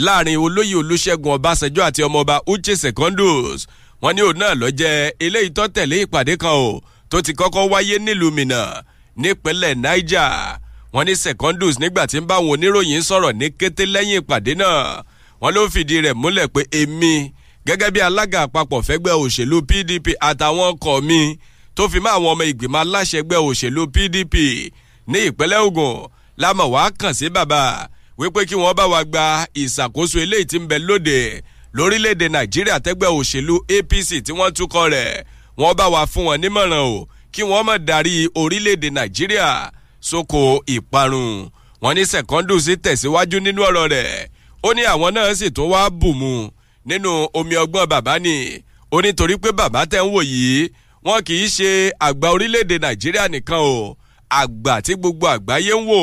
láàrin olóyè olúṣẹ́gun ọbásanjọ́ àti ọmọọba uche secondos wọ́n ní òun náà lọ jẹ́ eléyìí tó tẹ̀lé ìpàdé kan o tó ti kọ́kọ́ wáyé nílùú minna nípínlẹ̀ niger wọ́n ní secondos nígbà tí ń bá àwọn oníròyìn sọ̀rọ̀ ní kété lẹ́yìn ìpàdé náà wọ́n ló fìdí rẹ̀ múlẹ̀ pé èmi gẹ́gẹ́ bí alága àpapọ̀ fẹ́gbẹ́ òṣèlú pdp àtàwọn ọkọ̀ mi tó fi mọ́ àwọn ọmọ ìgbìmọ̀ aláṣẹgbẹ́ òṣèlú pdp ní ìpínlẹ̀ Ògùn lámọ̀ wá kàn sí bàbá wípé kí wọ́n bá wa gba ìṣàkóso eléyìí tí ń bẹ lóde lórílẹ̀‐èdè Nàìjíríà tẹ́gbẹ́ òṣèlú APC tí wọ́n túkọ̀ rẹ̀ wọ́n bá wa fún wọn nímọ̀ràn o kí wọ́n má darí orílẹ̀‐èdè Nàìjíríà sóko ìparun wọ́n ní Secondus sì tẹ̀síwájú nínú ọ̀rọ̀ rẹ̀ ó ní àwọn náà sì tún wá bù mu nínú omi ọgbọ́n bàbá ni ó pé bàbá tẹ́ ń wò yìí wọn kì í ṣe àgbà orílẹ̀‐èdè Nàìjíríà nìkan o àgbà tí gbogbo àgbáyé ń wò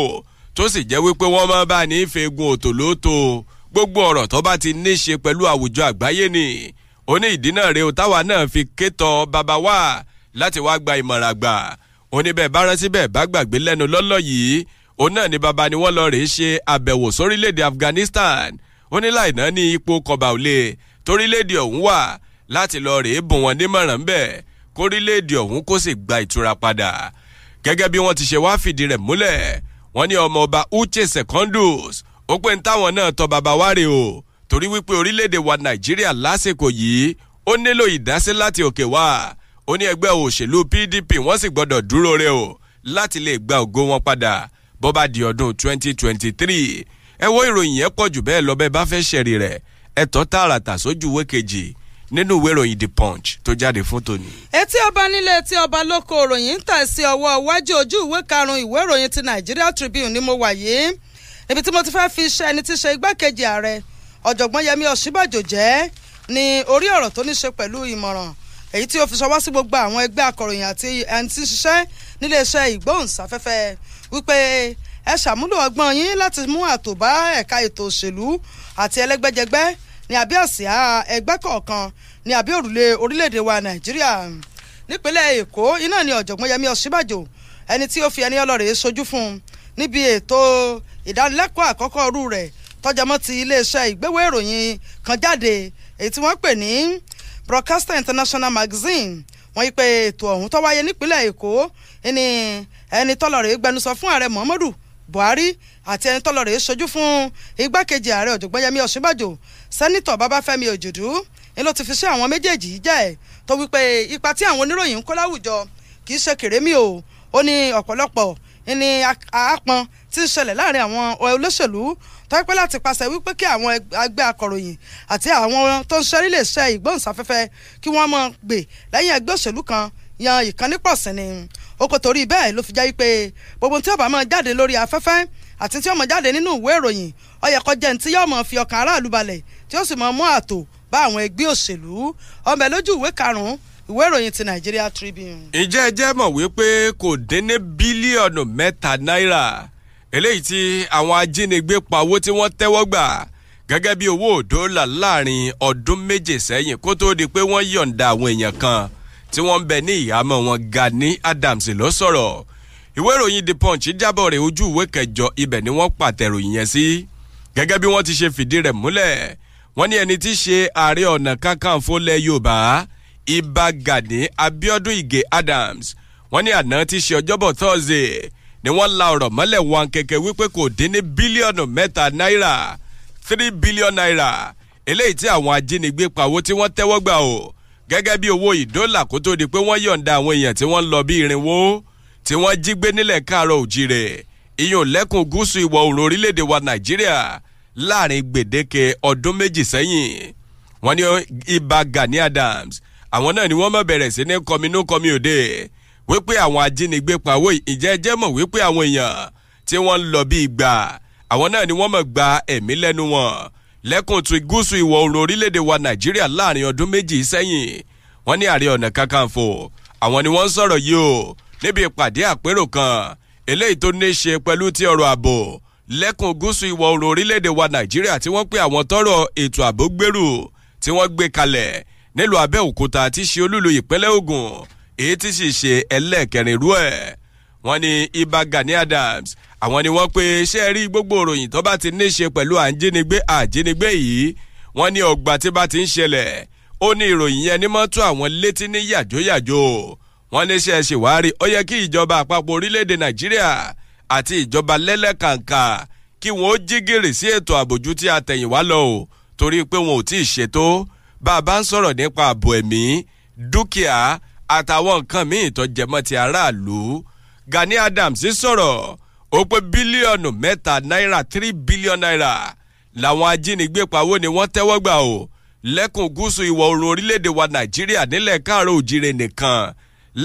tó sì jẹ́ wípé wọ́n máa bá ní ìfẹ́gun òtò lóòótọ́ gbogbo ọ̀rọ̀ tó bá ti ní ṣe pẹ̀lú àwùjọ àgbáyé ni ó ní ìdí náà rèé táwa náà fi kétọ bàbá wa láti wá gba ìmọ̀ràn àgbà ó ní bẹ́ẹ̀ bá rántí bẹ́ẹ̀ bá gbàgbé lẹ́nu lọ́lọ́ yìí ó náà ní bàbá ni wọ́n lọ rèé ṣe àbẹ̀wò sórílẹ̀-èdè Afghanistan ó ní láìná ní ipò kọba òlé torílẹ̀-èdè ọ̀hún wà láti lọ rèé bùn wọn nímọ̀ràn bẹ́ẹ̀ kórílẹ̀-èdè ọ̀hún kó sì gba ìtura padà gẹ́gẹ́ bí wọ́n ti ṣe wáá fìdí rẹ̀ múlẹ̀ wọ́n ní ọmọ ọba Uche Secondus ó pé ń táwọn náà tọ bàbá wa rè o torí wípé orílẹ̀-èdè wa Nàìjíríà lásìkò yìí ó nílò ìdásí láti òkè wá ó ní ẹgbẹ́ òṣèlú PDP wọ́n sì gbọ́dọ̀ dúró re o láti lè gba ògo wọn padà bó di ọdún 2023 ẹ wo ìròyìn yẹn pọ̀ jù bẹ́ẹ̀ lọ bẹ́ẹ̀ bá fẹ́ ṣẹ̀rí rẹ̀ ẹ tààràtà sójú ìwé nínú ìwé ìròyìn the punch tó jáde fún tòní. etí ọba nílé etí ọba lóko ìròyìn ń tà sí ọwọ́ iwájú ojú ìwé karùn-ún ìwé ìròyìn ti Nigeria Tribune ni mo wà yìí níbi tí mo ti fẹ́ fi ṣe ẹni tí ṣe igbákejì ààrẹ ọ̀jọ̀gbọ́n Yẹmí Ọ̀ṣínbàjò jẹ́ ní orí ọ̀rọ̀ tó ní ṣe pẹ̀lú ìmọ̀ràn èyí tí ó fi ṣọwọ́ sí gbogbo àwọn ẹgbẹ́ akọ̀ròyìn àti ẹni tí ń ṣiṣẹ́ níléeṣẹ́ ìgbóhùnsáfẹ́fẹ́ wípé ẹ ṣàmúlò ọgbọ́n yín láti mú àtòbá ẹ̀ka ètò òṣèlú àti ẹlẹ́gbẹ́jẹgbẹ́ ní abẹ́ àsíá ẹgbẹ́ kọ̀ọ̀kan ní abẹ́ òrùlé orílẹ̀-èdè wa nàìjíríà nípínlẹ̀ èkó iná ni ọ̀jọ̀gbọ́n yẹmi ọ̀ṣínbàjò ẹni tí ó fi ẹni ọlọ́rẹ̀ sojú fún un níbi ètò ìdánilẹ́kọ̀ọ́ àkọ́kọ́ ọrú rẹ̀ tọ́jàmọ́ ti iléeṣẹ́ ìgbéwé ìròyìn kan jáde èyí tí wọ́n pè ní broadcaster international magazine wọ́n yí pé ètò ọ̀hún tó wáyé nípínlẹ̀ èkó ẹni ẹni tọ́lọ̀ rẹ̀ gbẹnusọ fún ààrẹ muhammadu buhari àti ẹni tọ́lọ̀ rẹ̀ ṣojú fún igbákejì ààrẹ ọ̀jọ̀gbọ́n yẹmí ọ̀ṣínbàjò sẹ́nitọ̀ babafẹ́mi òjòdú ni ló ti fi sí àwọn méjèèjì jẹ́ ẹ̀ tó wípé ipa tí àwọn oníròyìn ń kó láwùjọ kì í ṣe kèrémí o ó ní ọ̀pọ̀lọpọ̀ ní àápọn tí ń ṣẹlẹ̀ láàrin àwọn olóṣèlú tọ́pẹ́ láti pàṣẹ wípé kí àwọn ẹgbẹ́ akọ̀ròyìn àti àwọn tó ń ṣẹ́rí lè ṣe ìgbóhùnsáfẹ́fẹ́ kí wọ́n mọ̀ gbè lẹ́yìn ẹgbẹ́ òṣèlú kan yan ìkànnì pọ̀ sí ni ó kò torí bẹ́ẹ̀ ló fi jẹ́ pé gbogbo tí ó máa jáde lórí afẹ́fẹ́ àti tí ó jáde nínú ìwé ìròyìn ó jẹ́ ní tí yóò máa fi ọkàn aráàlú balẹ̀ tí ó sì máa mú ààtò bá àwọn ẹgbẹ́ òṣèlú ọmọ ẹ̀ lójú ìwé karùn-ún ìwé ìròyìn ti Nigeria Tribune. ǹjẹ́ ẹ jẹ́ mọ̀ wípé kò dín ní bílíọ̀nù mẹ́ta náírà eléyìí tí àwọn ajínigbé pa owó tí wọ́n tẹ́wọ́ gbà gẹ́gẹ́ bí owó dọ́là láàrin ọdún méje sẹ́yìn kó tóó di pé wọ́n yọ̀ǹda àwọn èèyàn kan tí wọ́n ń bẹ ní ìhámọ́ wọn Gani Adams ló sọ̀rọ̀ ìwé ìròyìn The Punch jábọ̀ rẹ̀ ojú ìwé kẹjọ ibẹ̀ ni wọ́n pàtẹ́rò yẹn sí gẹ́gẹ́ bí wọ́n ti ṣe fìdí rẹ̀ múlẹ̀ wọ́n ní ẹni tí í ṣe ààrẹ ọ̀nà kakanfò lẹ̀ Yorùbá Ìbà Gani Abiodun Ige Adams wọ́n ní àná tí ṣe ọjọ́bọ̀ Thursday ni wọ́n la ọ̀rọ̀ mọ́lẹ̀ wọn kẹ̀kẹ́ wípé kò dín ní bílíọ̀nù mẹ́ta náírà three billion naira eléyìí tí àwọn ajínigbé pawó tí wọ́n tẹ́wọ́ gbà o gẹ́gẹ́ bí owó ìdólà kó tó di pé wọ́n yọ̀ǹda àwọn èèyàn tí wọ́n ń lọ bí irinwó tí wọ́n jí gbé nílẹ̀ káàárọ̀ òjìrè ìyọ̀n lẹ́kùn gúúsù ìwọ̀ oòrùn orílẹ̀-èdè wa nàìjíríà láàrin gbèdéke ọdún méjì sẹ́yìn wọ́n ní ibà Gani Adams àwọn náà ni wọ́n mọ̀ bẹ̀rẹ̀ sí ní kọminú kọmi òde wípé àwọn ajínigbé pawó ìjẹ́ jẹ́ mọ̀ wípé àwọn èèyàn tí wọ́n lọ bí ìgbà àwọn náà ni wọ́n mọ̀ gba ẹ̀mí lẹ́nu wọn lẹ́kùn ti gúúsù ìwọ̀ oòrùn orílẹ̀-èdè wa nàìjíríà láàrin ọdún méjì sẹ́yìn wọ́n ní ààrẹ ọ̀nà kakanfò àwọn ni wọ́n ń sọ̀rọ̀ yìí o níbi ìpàdé àpérò kan eléyìí tó ní í ṣe pẹ̀lú ti ọ̀rọ̀ ààbò lẹ́kùn gúúsù ìwọ̀ oòrùn orílẹ̀-èdè wa nàìjíríà tí wọ́n pe àwọn tọ́rọ̀ ètò ààbò gbèrú tí wọ́n gbé kalẹ̀ nílùú abẹ́òkúta tí ṣe olúlu ìpínlẹ̀ ògùn èyí tí sì ṣe ẹlẹ́ẹ̀kẹrin irú ẹ̀ wọ́n ní Ìbà Gani Adams àwọn ni wọ́n pé ṣé ẹ rí gbogbo ìròyìn tó bá ti ní ṣe pẹ̀lú àjínigbé àjínigbé yìí wọ́n ní ọgbà tí bá ti ń ṣẹlẹ̀ ó ní ìròyìn yẹn ní mọ́ tó àwọn létí ní yàjóyàjó wọ́n ní ṣe é ṣèwárí ó yẹ kí ìjọba àpapọ̀ orílẹ̀-èdè Nàìjíríà àti ìjọba lẹ́lẹ́kàǹkà kí wọ́n ó jí gìrì sí ètò àbòjú tí a tẹ̀yìn wá lọ o torí pé wọn ò tí ì ṣètò bá a bá ń sọ̀rọ̀ nípa ààbò ẹ̀mí dúkìá àtàwọn nǹkan míì tó jẹmọ́ ti aráàlú Gani Adams sọ̀rọ̀ ó pé bílíọ̀nù mẹ́ta náírà three billion naira làwọn ajínigbé pawó ni wọ́n tẹ́wọ́ gbà o lẹ́kùn gúúsù ìwọ̀ oòrùn orílẹ̀-èdè wa Nàìjíríà nílẹ̀ káàrọ̀ òjìrè nìkan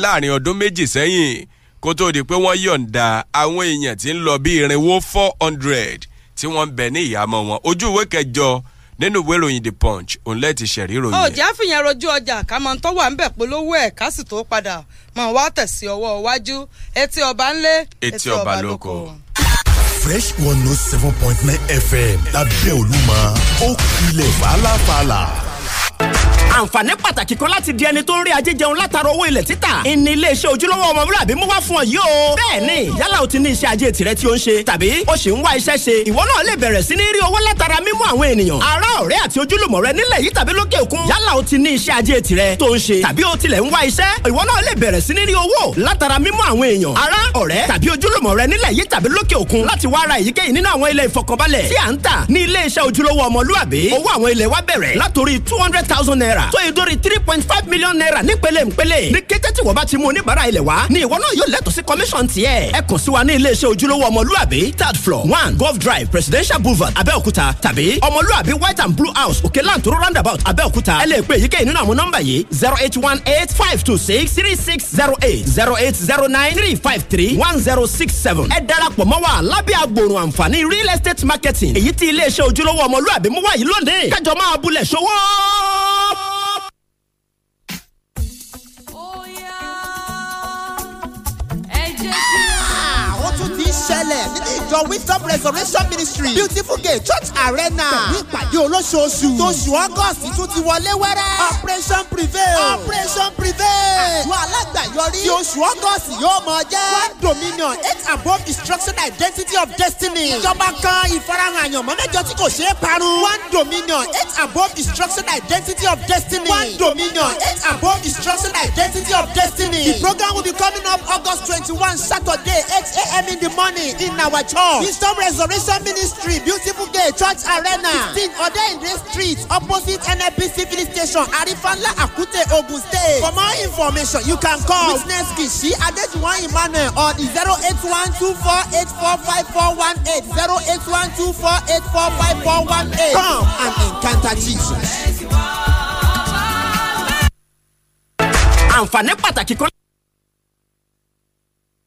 láàrin ọdún méjì sẹ́yìn kó tó di pé wọ́n yọ̀ǹda àwọn èèyàn tí ń lọ bí irinwó four hundred tí wọ́n ń bẹ ní ìyàmọ́ wọn ojú ìwé kẹjọ nínú ìwé ìròyìn the punch òun lẹ́ẹ̀tì ṣẹ̀rí ìròyìn. ọjà fìyẹn rojú ọjà ká máa ń tọ́wọ́ à ń bẹ̀ polówó ẹ̀ ká sì tó padà máa wá tẹ̀sí ọwọ́ iwájú etí ọba ńlé etí ọba lóko. fresh one note oh seven point nine fm lábẹ́ olúmọ ó kilẹ̀ fàlàfàlà àǹfààní pàtàkì kan láti di ẹni tó ń rí ajé jẹun látara owó ilẹ̀ títà ìní iléeṣẹ́ ojúlówó ọmọbílàbí mú wá fún ọ yìí o. bẹ́ẹ̀ni yálà o ti ní iṣẹ́ ajé tirẹ̀ tí o ń ṣe tàbí o sì ń wá iṣẹ́ ṣe ìwọ náà lè bẹ̀rẹ̀ sí ní rí owó látara mímú àwọn ènìyàn ará ọ̀rẹ́ àti ojúlùmọ̀ rẹ nílẹ̀ yìí tàbí lókè òkun yálà o ti ní iṣẹ́ ajé tirẹ̀ tó ń ṣe tàbí o tilẹ̀ ń wá iṣẹ́ ìwọ náà lè bẹ̀rẹ̀ sí ní rí owó látara mímú àwọn èèyàn ará ọ̀rẹ́ tàbí ojúlùmọ̀ rẹ nílẹ̀ yìí tàbí lókè òkun láti wá ra èyíkéyìí nínú àwọn ilẹ̀ ìfọkànbalẹ̀ tí à ń tà ní iléeṣẹ́ ojúlówó ọmọlúàbí owó àwọn ilẹ̀ wa bẹ̀rẹ̀ látòrí two hundred thousand naira tó yìí dórí three point five million naira nípele nípele ní kété tí wọ́n bá ti mú oníbàárà ilẹ̀ wá ni ìwọ náà yóò lẹ́tọ̀ọ́ sí commission tiẹ̀ ẹ kàn sí wa ní iléeṣẹ́ ojúlówó ọmọlúàbí third floor one Gov drive presidential boulevard abẹ́òkúta tàbí ọmọlúàbí white and blue house òkè lantoro roundabout abẹ́òkúta ẹ lè pe èyíkéyìí nínú àwọn nọ́mbà yìí zero eight one eight five two six three six zero eight zero eight zero nine three five three one zero six seven ẹ darapọ̀ mọ́ wa lábẹ́ agbòòrùn àǹfààní real estate marketing èyí tí iléeṣẹ́ ojúlówó ọmọlúàbí mú wáyé lónìí kájọ máa bulẹ̀ ṣòwò. ṣẹlẹ̀ nínú ìjọ wisdom resurrection ministry beautiful gate church arena pẹ̀lú ìpàdé olóṣooṣù tóṣù august tún ti wọlé wẹ́rẹ́ operation prevail operation prevail àdúrà alágbàyọrí tí oṣù august yóò mọ jẹ́ one dominion eight above destruction, identity of destiny ìjọba kan ìfarahàn àyànmọ́ mẹ́jọ tí kò ṣeé parun one dominion eight above destruction, identity of destiny one dominion eight above destruction, identity of destiny the program will be coming up august twenty-one saturday eight a.m. in the morning morning in our church. Wisdom Resurrection Ministry, Beautiful Gate Church Arena, 16 Odeinde Street, opposite NNPC filling station, Arifanla Akute, Ogun State. For more information, you can call Business Kishi Adejuwan Emmanuel or the zero zero eight eight eight eight eight one one one two two four four four four four four five five one eight. Come and encounter Jesus. àǹfààní pàtàkì kan.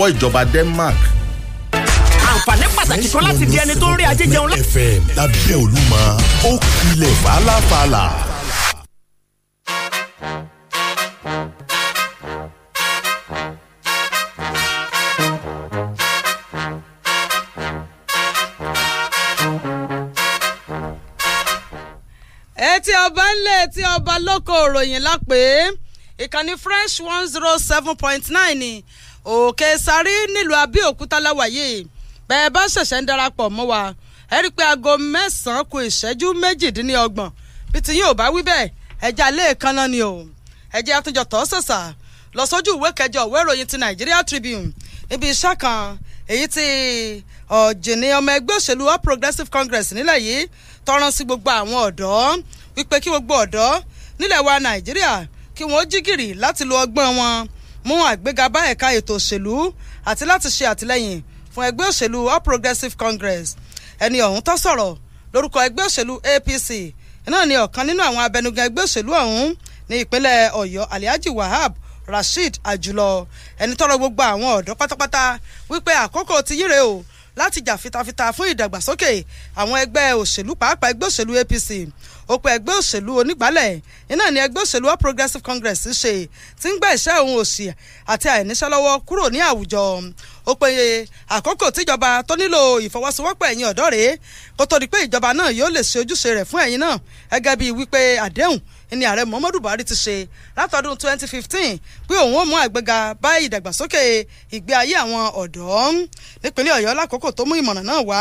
lọ́wọ́ ìjọba Denmark àǹfààní pàtàkì kan láti di ẹni tó ń rí ajé jẹun lá. FM lábẹ́ Olúmọ ó kilẹ̀ fàlàfàlà. etí ọba ńlẹ̀ etí ọba lóko ìròyìn lápè ìkànnì fresh one zero seven point nine ni òkè sáré nílùú abẹ́òkúta láwàyè bẹ́ẹ̀ bá ṣẹ̀ṣẹ̀ ń darapọ̀ mọ́ wa ẹ rí i pé aago mẹ́sàn-án ku ìṣẹ́jú méjìdínlọ́gbọ̀n bí ti yín ò bá wí bẹ́ẹ̀ ẹja lẹ́ẹ̀kan náà ni o ẹjẹ́ àtúnjọ tọ́ sẹ̀sà lọ sójú ìwé kẹjọ ìwé ìròyìn ti Nigeria Tribune níbi iṣẹ́ kan èyí tí ọ̀jìnì ọmọ ẹgbẹ́ òṣèlú All Progressives Congress nílẹ̀ yìí tọrán sí gbogbo àwọn ọ̀dọ́ wípé kí gbogbo ọ̀dọ́ nílẹ̀ wa Nàìjíríà kí wọ́n jí gìrì láti lo ọgbọ́n wọn mú àgbéga bá ẹ̀ka ètò òṣèlú àti láti ṣe àtìlẹ́yìn fún ẹgbẹ́ òṣèlú All Progressives Congress ẹni ọ̀hún tó sọ̀rọ̀ lórúkọ ẹgbẹ́ òṣèlú APC náà ni ọ̀kan nínú àwọn abẹnugan ẹgbẹ́ òṣèlú ọ̀hún ní ìpínlẹ̀ Ọ̀yọ́ Alhaji Wahab Rasheed Àjùlọ ẹni tọrọ gbogbo àwọn ọ̀dọ́ pátápátá wípé àkókò ti yíre o láti jà fitafita fún ìdàgbàsókè àwọn ẹgbẹ́ òṣèlú pàápàá ẹgbẹ́ òṣèlú APC òpó ẹgbẹ́ òṣèlú onígbàálẹ̀ iná ni ẹgbẹ́ òṣèlú All Progressives Congress ṣe ti ń gbà ìṣẹ́ òun òṣì àti àìníṣẹ́ lọ́wọ́ kúrò ní àwùjọ ó pe àkókò tíjọba tó nílò ìfọwọ́sowọ́pọ̀ ẹ̀yin ọ̀dọ́ rèé kó tó di pé ìjọba náà yóò lè ṣe ojúṣe rẹ̀ fún ẹ̀yin náà gẹ́gẹ́ bíi wípé àdéhùn ní ààrẹ muhammadu buhari ti ṣe látọdún 2015 pé òun ó mú àgbéga bá ìdàgbàsókè ìgbé ayé àwọn ọ̀dọ́ nípínlẹ̀ ọ̀yọ́ lákòókò tó mú ìmọ̀ràn náà wá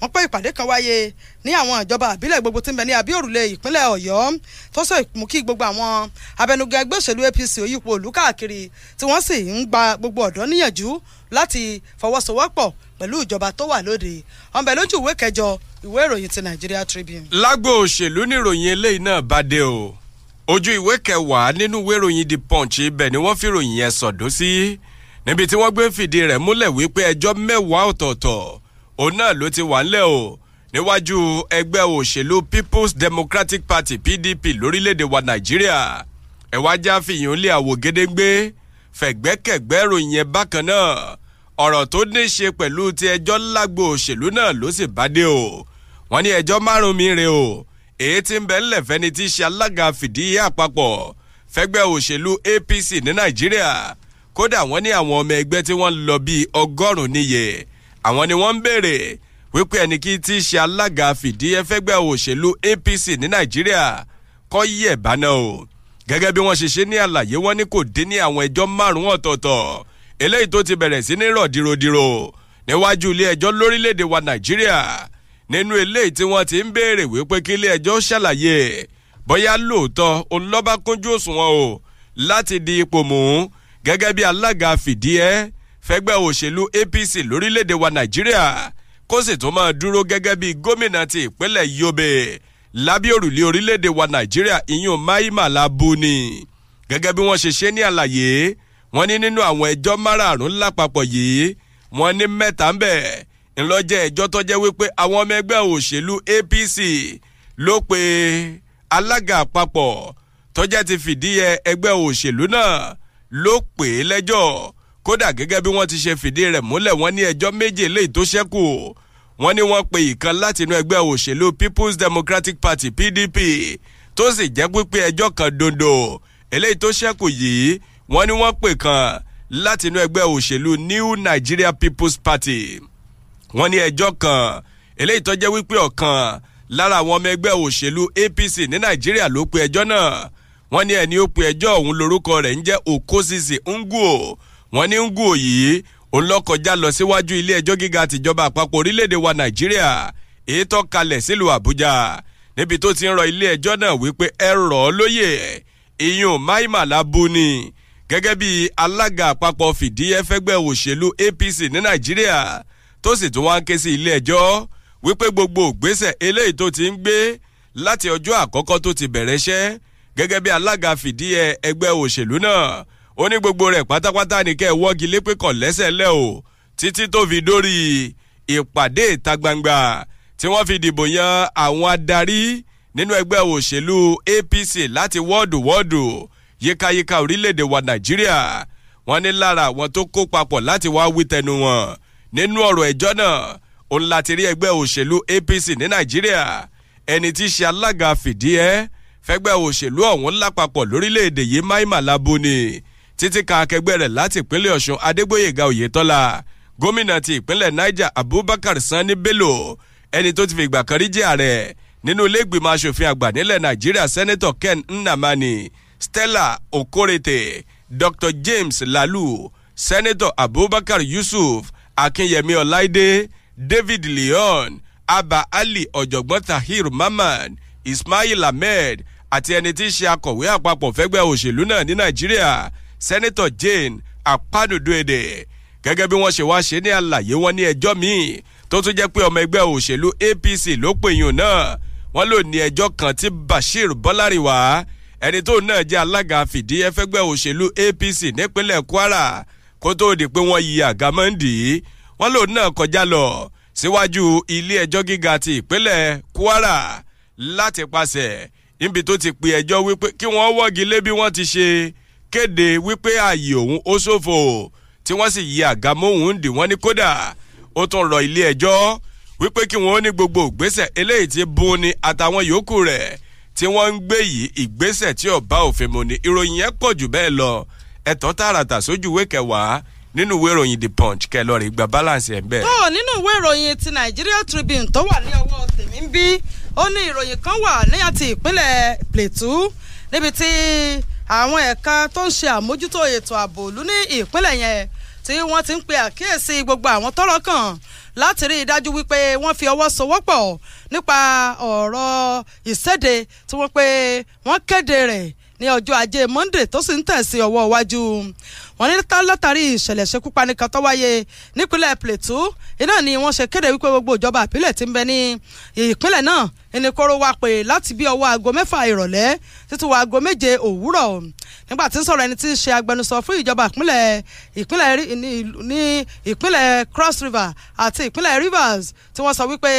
wọ́n pé ìpàdé kan wáyé ní àwọn ìjọba àbílẹ̀ gbogbo tí ń bẹ ní abíòrùlé ìpínlẹ̀ ọ̀yọ́ tó sì mú kí gbogbo àwọn abẹnugan ẹgbẹ́ òṣèlú apc òyìnbó òlú káàkiri tí wọ́n sì ń gba gbogbo ọ̀dọ́ níyànjú láti fọwọ́sowọ́pọ̀ pẹ̀lú ìjọba tó wà lóde ọ̀nbẹ lójú ìwé kẹjọ ìwé ìròyìn ti nigeria tribune. lágbo òṣèlú níròyìn eléyìí náà bá dé o ojú ìwé kẹwàá nínú ìwé ìròyìn the punch ibẹ̀ ni wọ́n fi ròyìn yẹn sọ̀dọ́ sí níbi tí wọ́n gbé fìdí rẹ̀ múlẹ̀ wípé ẹjọ́ mẹ́wàá ọ̀tọ̀ọ̀tọ̀ òun náà ló ti wà ńlẹ̀ o níwájú ẹgbẹ́ òṣèlú people's democratic party pdp lórílẹ̀‐èdè wa nàìjíríà ẹ̀wájà fìyàn lé àwò gédéńgbé fẹ̀gbẹ́kẹ̀gbẹ́ ròyìn yẹn bákan náà ọ̀rọ̀ tó ní ṣe pẹ̀lú ti ẹjọ́ lágbo òṣèlú náà ló sì bá dé o wọ́n ní ẹjọ́ márùn-ún mi rè o èyí tí ń bẹ ńlẹ̀ fẹ́ni tí í ṣe alága fìdíhé àpapọ̀ fẹ́gbẹ́ òṣèlú APC ní Nàìjíríà kódà wọ́n ní àwọn ọmọ ẹgbẹ́ tí wọ́n lọ bíi ọgọ́rùn-ún níye àwọn ni wọ́n ń béèrè wípé ẹni kí tí í ṣe alága fìdíhé fẹ́gbẹ́ òṣèlú APC ní Nàìjíríà kọ́ yí ẹ̀ bá náà o gẹ́gẹ́ bí wọ́n ṣe ṣe ní àlàyé wọn ní kò dín ní àwọn ẹjọ́ márùn-ún ọ̀tọ̀ọ̀tọ̀ eléyìí tó ti bẹ̀rẹ̀ sí ní rọ̀ níwájú ilé ẹjọ́ lórílẹ̀‐èdè wa Nàìjíríà nínú eléyìí tí wọ́n ti ń béèrè wípé kí ilé ẹjọ́ ṣàlàyé bóyá lóòótọ́ olọ́bákúnjú òṣùwọ̀n o láti di ipò mú gẹ́gẹ́ bí alága fìdíẹ́ fẹ́gbẹ́ òṣèlú APC lórílẹ̀‐èdè wa Nàìjíríà kó sì tún máa dúró gẹ́gẹ́ bí gómìnà ti ìpínlẹ̀ Yobe lábẹ́ òrùlé orílẹ̀‐èdè wa Nàìjíríà ìyún maima Mala Buni gẹ́gẹ́ bí wọ́n ṣe ṣe ní àlàyé wọ́n ní nínú àwọn ẹjọ́ márààrún lápapọ̀ yìí wọ́n ní mẹ́ta ń bẹ̀ẹ́ ńlọ́jẹ́ ẹjọ́ tó jẹ́ wípé àwọn ọmọ ẹgbẹ́ òṣèlú APC ló pe alága àpapọ̀ tó jẹ́ ti fìdíhe ẹgbẹ́ òṣèlú náà ló pè é lẹ́jọ́ kódà gẹ́gẹ́ bí wọ́n ti ṣe fìdí rẹ̀ múlẹ̀ wọ́n ní ẹjọ́ méje léyìí tó ṣẹ́kù wọ́n ní wọ́n pe ìkan láti inú ẹgbẹ́ òṣèlú People's Democratic Party PDP tó sì jẹ́ pípé ẹjọ́ kan dondo eléyìí tó ṣẹ́kù yìí wọ́n ní wọ́n pè kan láti inú ẹgbẹ́ òṣèlú New Nigeria People's Party wọ́n ní ẹjọ́ kan eléyìí tó jẹ́ wípé ọ̀kan lára àwọn ọmọ ẹgbẹ́ òṣèlú APC ní Nàìjíríà ló pe ẹjọ́ náà wọ́n ní ẹni ó pe ẹjọ́ ọ̀hún lórúkọ rẹ̀ ń jẹ́ Okosisi Nguo wọ́n ní Nguo yìí òun ló lọ síwájú ilé ẹjọ́ gíga tìjọba àpapọ̀ orílẹ̀-èdè wa Nàìjíríà èyí tó kalẹ̀ sílùú Àbújá níbi tó ti ń rọ ilé ẹjọ́ náà wípé ẹ rọ̀ ọ́ lóyè iyún Maimala Buni gẹ́gẹ́ bí alága àpapọ̀ fìdí ẹfẹ́gbẹ́ òṣèlú APC ní Nàìjíríà tó sì tún wá ń ké sí ilé ẹjọ́ wípé gbogbo ògbésẹ̀ eléyìí tó ti ń gbé láti ọjọ́ àkọ́kọ́ tó ti bẹ̀rẹ̀ iṣẹ́ gẹ́gẹ́ bí alága fìdíhe ẹgbẹ́ òṣèlú náà ó ní gbogbo rẹ̀ pátápátá ní kẹ́ ẹ wọ́gi lépè kọ̀ lẹ́sẹ̀ lẹ́ o títí tó fi dórí ìpàdé ìta gbangba tí wọ́n fi dìbò yan àwọn adarí nínú ẹgbẹ́ òṣèlú APC láti wọ́ọ̀dù wọ́ọ̀dù yíkáyíká orílẹ̀-èdè wa Nàìjíríà wọ́n ní lára àwọn tó kó papọ̀ láti wá wí tẹnu wọn nínú ọ̀rọ̀ ẹjọ́ náà òun láti rí ẹgbẹ́ òṣèlú APC ní Nàìjíríà ẹni tí í ṣe alága fìdíẹ́ fẹ́gbẹ́ òṣèlú ọ̀hún lápapọ̀ lórílẹ̀‐èdè yìí Mai Mala Buni títí kan akẹgbẹ́ rẹ̀ láti ìpínlẹ̀ Ọ̀ṣun Adégbóyèga Oyètọ́lá gómìnà ti ìpínlẹ̀ Niger Abubakar Sani Bello ẹni tó ti fi ìgbà kan rí jẹ́ ààrẹ nínú ilé asòfin àgbà nílẹ̀ Nàìjíríà sẹ́nẹ́tọ̀ Ken Nnamani Stella Okorete Dr James Lalu sẹ́nẹ́tọ̀ Abubakar Yusuf akínyẹmí ọláìdé david leon abba ali ọ̀jọ̀gbọ́n tahir mamman ismail ahmed àti ẹni tí í ṣe akọ̀wé àpapọ̀ fẹ́gbẹ́ òṣèlú náà ní nàìjíríà sẹ́nitọ̀ jane apanudoede gẹ́gẹ́ bí wọ́n ṣe wá ṣe ní àlàyé wọn ní ẹjọ́ míì tó tún jẹ́ pé ọmọ ẹgbẹ́ òṣèlú apc ló pè yùn náà wọ́n lò ní ẹjọ́ kan tí bashir bọ́lárìwá ẹni tó náà jẹ́ alága fìdí ẹfẹ́gbẹ́ òṣèlú apc nípínlẹ̀ kwara kó tóó di pé wọ́n yí àga mọ́ndì wọ́n lòun náà kọjá lọ síwájú ilé ẹjọ́ gíga ti ìpínlẹ̀ Kwara láti pàṣẹ níbi tó ti pe ẹjọ́ wípé kí wọ́n wọ́gi lé bí wọ́n ti ṣe kéde wípé ààyè òun ó ṣòfò tí wọ́n sì yí àga móhùn dì wọ́n ní kódà ó tún rọ ilé ẹjọ́ wípé kí wọ́n ní gbogbo ìgbésẹ̀ eléyìí ti bùn ni àtàwọn yòókù rẹ̀ tí wọ́n ń gbé yìí ìgbésẹ̀ tí ó bá òfin mu ni ìròyìn yẹn pọ̀ jù bẹ́ẹ̀ lọ ẹ̀tọ́ tààràtà sójú ìwé kẹwàá nínú ìwé ìròyìn the punch kẹlọ rè gba balance ẹ̀ ń bẹ̀. tó nínú ìwé ìròyìn ti nigeria tribune tó wà ní ọwọ́ tèmi ń bí ó ní ìròyìn kan wà ní àti ìpínlẹ̀ plateau níbi tí àwọn ẹ̀ka tó ń ṣe àmójútó ètò ààbò ìlú ní ìpínlẹ̀ yẹn tí wọ́n ti ń pe àkíyèsí gbogbo àwọn tọ́rọ̀ kàn láti rí i dájú wípé wọ́n fi ọwọ́ sowọ́pọ̀ nípa ọ̀rọ̀ ìséde tí wọ́n pe wọ́n kéde rẹ̀ ní ọjọ́ ajé Monday tó sì ń tẹ̀ sí ọwọ́ iwájú wọ́n ní látàrí ìṣẹ̀lẹ̀ ṣekúpani kan tó wáyé nípínlẹ̀ Plateau iná ni wọ́n ṣe kéde wípé gbogbo ìjọba ìpínlẹ̀ ti ń bẹ ní ìpínlẹ̀ náà ẹni wa pè láti bí ọwọ́ aago mẹ́fà ìrọ̀lẹ́ títí wọ aago méje òwúrọ̀ nígbà tí ń sọ̀rọ̀ ẹni tí ń ṣe agbẹnusọ fún ìjọba ìpínlẹ̀ ìpínlẹ̀ ní ìpínlẹ̀ Cross River àti ìpínlẹ̀ Rivers tí wọ́n sọ wípé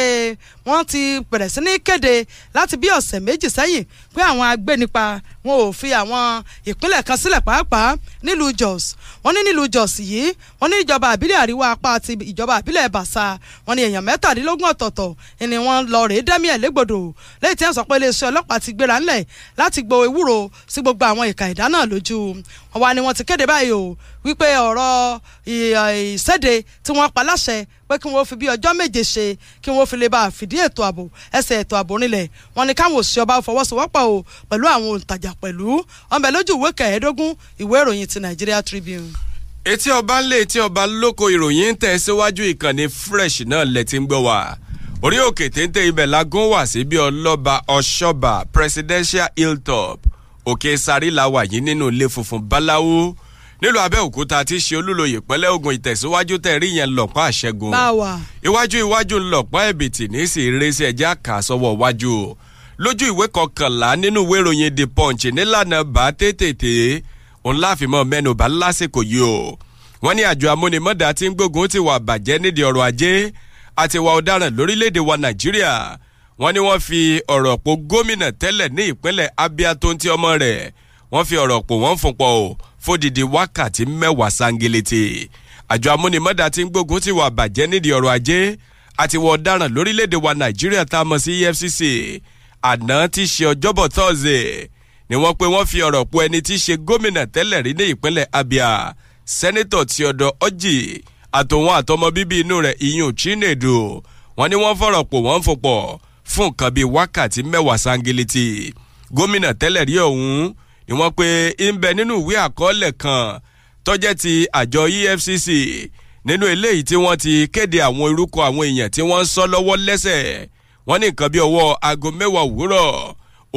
wọ́n ti bẹ̀rẹ̀ sí ní kéde láti bí ọ̀sẹ̀ méjì sẹ́yìn pé àwọn agbénipa wọn ò fi àwọn ìpínlẹ̀ kan sílẹ̀ pàápàá nílùú Jos Jos wọ́n ní nílùú Jos yìí wọ́n ní ìjọba àbílẹ̀ àríwá apá àti ìjọba àbílẹ̀ Bàṣà wọ́n ní èèyàn mẹ́tàdínlógún ọ̀tọ̀ọ̀tọ̀ ni wọ́n lọ rèé dẹ́mi ẹ̀ légbodò lẹ́yìn tí wọ́n sọ pé iléeṣẹ́ ọlọ́pàá ti gbéra ńlẹ̀ láti gbo ewúro sí gbogbo àwọn ìka ìdáná lójú wọ́n wá ní wọ́n ti kéde báyìí o wípé ọ̀rọ̀ ìṣẹ́de tí wọ́n pa láṣẹ pé kí wọ́n fi bí ọjọ́ méje ṣe kí wọ́n fi lè bá fìdí ètò ààbò ẹsẹ̀ ètò ààbò nílẹ̀ wọn ni káwọn òṣìṣẹ́ ọba fọwọ́sowọ́pọ̀ o pẹ̀lú àwọn òǹtajà pẹ̀lú ọmọ ẹ̀ ìwé kẹẹ̀ẹ́dógún ìwé ìròyìn ti Nigeria Tribune etí ọba ńlẹ̀ etí ọba lóko ìròyìn ń tẹ̀ síwájú ìkànnì fresh náà lẹ ti ń gbọ́ wá orí òkè téńté ibẹ̀ la gún wá sí bí ọlọ́ba ọ̀ṣọ́ba presidential hilltop òkè sáré la wà yìí nínú ilé funfun báláwo nílùú Abẹ́òkúta tí ṣe olúloyè pẹ́lẹ́ ogun ìtẹ̀síwájú tẹ̀ rí yẹn lọ̀pọ̀ àṣẹgun iwájú iwájú ńlọ̀pọ̀ ẹ̀bìtì ní sì rẹ́sì ẹ̀já kà sọ́wọ́ iwájú lójú ìwé kọkànlá nínú ìwé ìròyìn The Punch nílànà bá tètè òun láfimọ́ mẹ́nuba lásìkò yìí o wọ́n ní àjọ amúnimọ́dà tí ń gbógun ti wà bàjẹ́ nídìí ọrọ̀ ajé àti ìwà ọ̀daràn lórílẹ̀‐èdè wa Nàìjíríà wọ́n ní wọ́n fi ọ̀rọ̀ po gómìnà tẹ́lẹ̀ ní ìpínlẹ̀ Abia tó ń ti ọmọ rẹ̀ wọ́n fi ọ̀rọ̀ po wọ́n fún pọ̀ o fódìdí wákàtí mẹ́wàá sangelete àjọ amúnimọ́dà ti ń gbógun ti wà bàjẹ́ nídìí ọrọ̀ ajé àtiwọ̀ ọ̀daràn lórílẹ̀‐èdè wa nàìjíríà tá a mọ̀ sí efcc àná ti ṣe ọjọ́bọ̀ thursday ni wọ́n pé wọ́n fi ọ̀rọ̀ po ẹni tí í ṣe gómìnà tẹ́lẹ̀ rí ní ìpínlẹ̀ abia sẹ́nitọ̀ ti ọ̀dọ̀ ọ́jì àtòwọn àtọmọ bíbí inú rẹ̀ ìyún chinedu wọ́n ní wọ́n fọ̀rọ̀ pò wọ́n fòpọ̀ fún nǹkan bíi wákàtí mẹ́wàá sangeleti gómìnà tẹ́lẹ̀ rí ọ̀hún ni wọ́n pe ń bẹ nínú ìwé àkọọ́lẹ̀ kan tó jẹ́ ti àjọ EFCC nínú eléyìí tí wọ́n ti kéde àwọn irúkọ àwọn èèyàn tí wọ́n ń sọ lọ́wọ́ lẹ́sẹ̀ wọ́n ní nǹkan bí ọwọ́ aago mẹ́wàá òwúrọ̀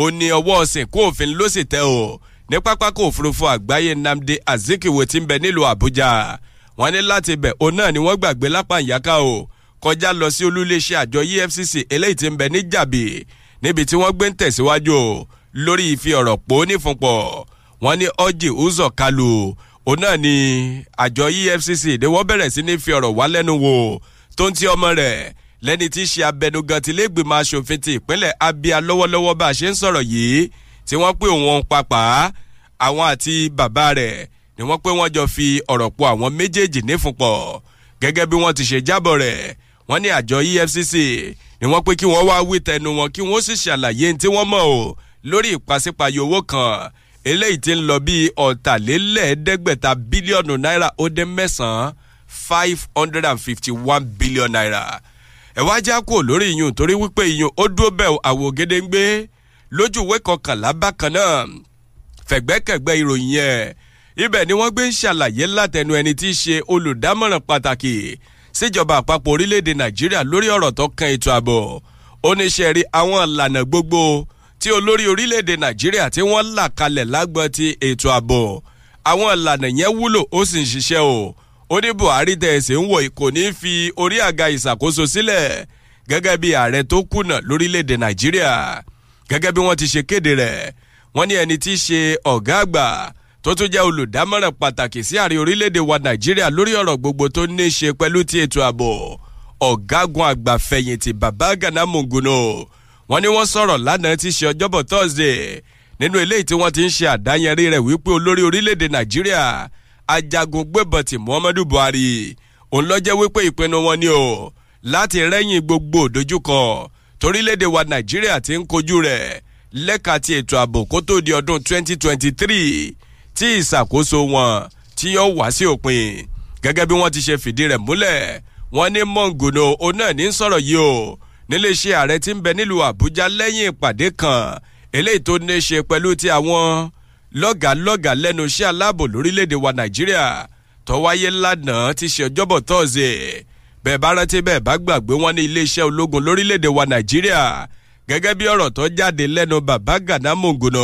ó ní ọwọ́ sìnkú òfin ló sì tẹ o ní pápákọ̀ òfurufú àgbáyé Nnamdi Azikiwe tí ń bẹ nílùú Àbújá wọ́n ní láti bẹ̀ òun náà ni wọ́n gbàgbé lápá ìyáká o kọjá lọ sí olúléeṣẹ́ àjọ EFCC eléyìí tí ń bẹ ní Jàbí níbi tí wọ́n gbé ń tẹ̀síwájú o lórí ìfi ọ̀rọ̀ pò nífunpọ̀ wọ́n ní ọ́jì uzọ̀ kalu òun náà ni àjọ EFCC ni wọ́n bẹ̀rẹ̀ sí ní fi ọ̀rọ̀ wá lẹ́nu wò tó ń ti ọmọ rẹ̀ lẹ́ni tí í ṣe abẹnugan ti lẹ́gbìmọ̀ aṣòfin ti ìpínlẹ̀ Abia lọ́wọ́lọ́wọ́ bá a ṣe ń sọ̀rọ̀ yìí tí wọ́n pé òun papà àwọn àti bàbá rẹ̀ ni wọ́n pé wọ́n jọ fi ọ̀rọ̀ po àwọn méjèèjì nífunpọ̀ gẹ́gẹ́ bí wọ́n ti ṣe jábọ̀ rẹ̀ wọ́n ní àjọ EFCC ni wọ́n pé kí wọ́n wá wí tẹnu wọn kí wọ́n sì ṣàlàyé tí wọ́n mọ̀ o lórí ìpàsípàyọ owó kan eléyìí ti ń lọ bíi ọ̀tàlélẹ́ẹ̀ẹ́dẹ́gbẹ̀ta bílíọ̀nù náírà ó dé mẹ́sàn-án five hundred and fifty one billion naira ẹ wá já kúrò lórí iyùn torí wípé iyùn ó dúró bẹ́ẹ̀ àwò gédéǹgbé lójú ìwé kọkànlá bákan náà fẹ̀gbẹ́kẹ̀gbẹ́ ìròyìn yẹn ibẹ̀ ni wọ́n gbé ń ṣàlàyé látẹnu ẹni tí í ṣe olùdámọ̀ràn pàtàkì síjọba àpapọ̀ orílẹ̀-èdè nàìjíríà lórí ọ̀rọ̀ tó kan ètò ààbò oníṣẹ́ rí àwọn ìlànà gbogbo tí olórí orílẹ̀-èdè nàìjíríà tí wọ́n là kalẹ̀ lágbọ́n ti ètò ààbò àwọn ìlànà yẹn wúlò ó sì ń ṣiṣẹ́ o ó ní buhari tẹ̀sí ń wọ̀ kò ní fi orí àga ìṣàkóso sílẹ̀ gẹ́gẹ́ bí ààrẹ tó kùnà lórílẹ̀‐èdè nàìjíríà gẹ́gẹ́ bí wọ́n ti ṣe kéde rẹ̀ wọ́n ní ẹni tí í ṣe ọ̀gá àgbà tó tún jẹ́ olùdámọ̀ràn pàtàkì sí ààrẹ orílẹ̀‐èdè wa nàìjíríà lórí ọ̀rọ̀ gbogbo tó ní í ṣe pẹ̀lú ti ètò ààbò ọ̀gágun àgbà bàbá gana munguno wọ́n ní wọ́n sọ̀rọ̀ lánàá tí ṣe ọjọ́bọ̀ Thursday nínú eléyìí tí wọ́n ti ń ṣe àdáyẹrí rẹ̀ wípé olórí orílẹ̀-èdè Nàìjíríà ajagun gbébọn ti Muhammadu Buhari òun ló jẹ́ wípé ìpinnu wọn ni o láti rẹ́yìn gbogbo òdojúkọ torílẹ̀-èdè wa Nàìjíríà ti ń kojú rẹ̀ lẹ́ka ti ètò ààbò kó tó di ọdún 2023 tí ìṣàkóso wọn tí yóò wá sí òpin gẹ́gẹ́ bí wọ́n ti ṣe fìdí rẹ̀ múlẹ̀ wọ́n ní mọ̀ngùnà òun náà ní sọ̀rọ̀ yìí o níléeṣẹ́ ààrẹ tí ń bẹ nílùú àbújá lẹ́yìn ìpàdé kan eléyìí tó ní í ṣe pẹ̀lú ti àwọn lọ́gàálọ́gàá lẹ́nu iṣẹ́ aláàbò lórílẹ̀ wa nàìjíríà tó wáyé lánàá ti ṣe ọjọ́bọ̀ tọ́sídẹ̀ẹ́ bẹ́ẹ̀ bá rántí bẹ́ẹ̀ bá gbàgbé wọn ní iléeṣẹ́ ológun lórílẹ̀ wa nàìjíríà gẹ́gẹ́ bí ọ̀rọ̀ tó jáde lẹ́nu bàbá gàdá mògùnà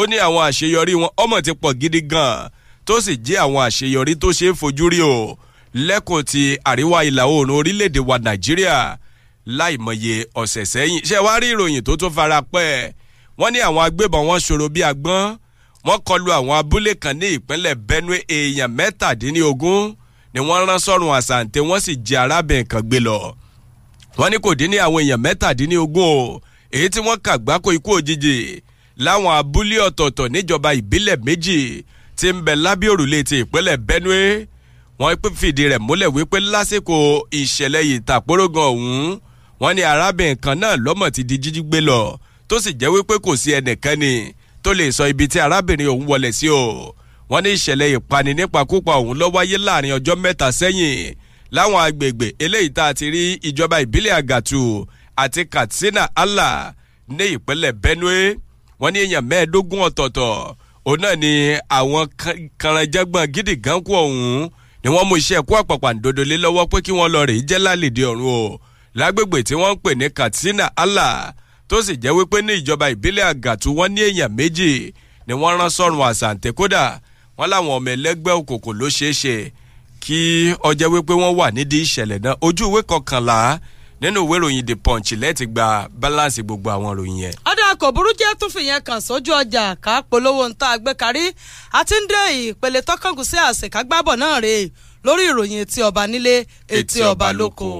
ó ní àwọn àṣeyọrí wọn ọmọ ti pọ̀ gidi gan tó sì jẹ́ àwọn àṣeyọrí tó ṣeé fojú rí o lẹ́kùn ti àríwá ìlà oòrùn orílẹ̀‐èdè wa nàìjíríà láìmọye ọ̀sẹ̀ sẹ́yìn ṣé wàá rí ìròyìn tó tún fara pẹ́ ẹ̀ wọ́n ní àwọn agbébọn wọn ṣòro bíi agbọ́n wọ́n kọlu àwọn abúlé kan ní ìpínlẹ̀ Benue èèyàn mẹ́tàdínlógún ni wọ́n rán sọ́run àsàǹtẹ̀ wọ́n sì jẹ́ arábìnrin kan gbé lọ wọ́n ní kò dín ní àwọn èèyàn mẹ́tàdínlógún o èyí tí wọ́n kà gbáko ikú òjijì láwọn abúlé ọ̀tọ̀ọ̀tọ̀ níjọba ìbílẹ̀ méjì tí ń bẹ lábẹ́ òrùlé ti ìpínlẹ̀ Benue wọ́n fìdí rẹ̀ múlẹ̀ wípé lásìkò ìṣẹ̀lẹ̀ ìtàpórógan ọ̀hún wọ́n ní arábìnrin kan náà lọ́mọ̀ ti di jíjí gbé lọ tó sì jẹ́ wípé kò sí ẹnìkan ni tó lè sọ ibi tí arábìnrin ọ̀hún wọlé sí o wọ́n ní ìṣẹ̀lẹ̀ ìpani nípakúpa ọ̀hún ló wáyé láàrin ọjọ́ mẹ́ta sẹ́yìn láwọn agbègbè eléyìí tá a ti rí ìjọba ìbílẹ̀ àgàtù àti Katsina Allah ní ìpínlẹ̀ Benue wọ́n ní èèyàn mẹ́ẹ̀ẹ́dógún ọ̀tọ̀ọ̀tọ̀ òun náà ni àwọn kànrẹ́jẹ́gbọ̀n gidi gan kú ọ̀hún ni wọ́n mú iṣẹ́ ẹ̀kú àpàpàǹdodo lé lọ́wọ́ pé kí wọ́n lọ rèé jẹ́ lálẹ́ ìdí ọ̀run o lágbègbè tí wọ́n ń pè ní Katsina Allah tó sì jẹ́ wípé ní ìjọba ìbílẹ̀ àgàtú wọ́n ní èèyàn méjì ni wọ́n rán sọ́run àsàǹtẹ̀ kódà wọ́n láwọn ọmọ ẹlẹ́gbẹ́ òkòkò ló ṣeé ṣe kí ọjọ́ wípé wọ́n wà nídìí ìṣẹ̀lẹ̀ náà ojú ìwé kọkànlá nínú ìwé ìròyìn the punch lẹ́ẹ̀tì gba balance gbogbo àwọn ìròyìn yẹn. ọ̀dà kò burú jẹ́ tún fìyẹn kàn sójú ọjà ká polówó ń ta àgbékarí àti ń dé ìpele tọkàngùn sí àṣekágbábọ̀ náà rèé lórí ìròyìn etí ọba nílé etí ọba lóko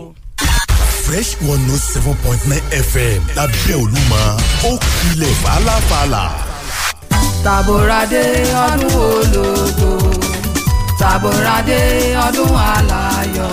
fresh one note oh seven point nine fm lábẹ́ olúmọ ó kulẹ̀ fàlàfàlà. Taborade ọdún ológo Taborade ọdún àlàyọ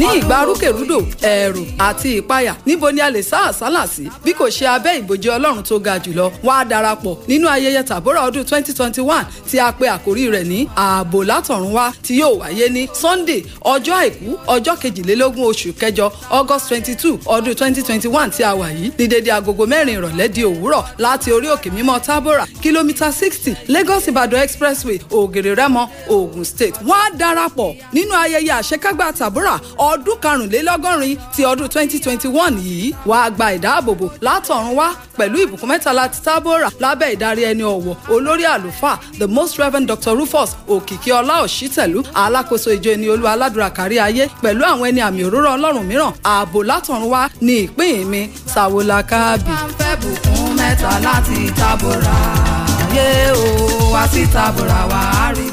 ní ìgbà rúkèrúdò ẹ̀rù àti ìpayà níbo ni a lè sá àsálà sí bí kò ṣe abẹ́ ìbòjì ọlọ́run tó ga jùlọ wá darapọ̀ nínú ayẹyẹ tàbórà ọdún 2021 tí a pe àkórí rẹ̀ ní ààbò látọ̀run wá tí yóò wáyé ní Sunday ọjọ́ àìkú ọjọ́ kejìlélógún oṣù kẹjọ August 22 ọdún 2021 tí a wà yìí ní dédé agogo mẹ́rin ìrọ̀lẹ́ di òwúrọ̀ láti orí òkè mímọ́ tábórà kìlómítà 60 Lagos Ìbàdàn expressway ògèrè rẹ́mọ Ògùn state wá darapọ̀ nínú ayẹyẹ àṣekágbá tàbórà ọ ọdún karùnlélọ́gọ́rin ti ọdún twenty twenty one yìí wàá gba ìdáàbòbò látọ̀run wá pẹ̀lú ìbùkún mẹ́tàlá ti tábòrà lábẹ́ ìdarí ẹni ọ̀wọ̀ olórí àlùfáà the most reverend dr rufus òkìkíọlá òṣìtẹ̀lú alákòóso ìjọ ẹni olú aládùúrà kárí ayé pẹ̀lú àwọn ẹni àmì òróró ọlọ́run mìíràn ààbò látọ̀run wá ní ìpín mi sàwọlá káàbì. máa ń fẹ́ bùkún mẹ́ta láti tábòrà yé o wá sí tábòrà wá á rí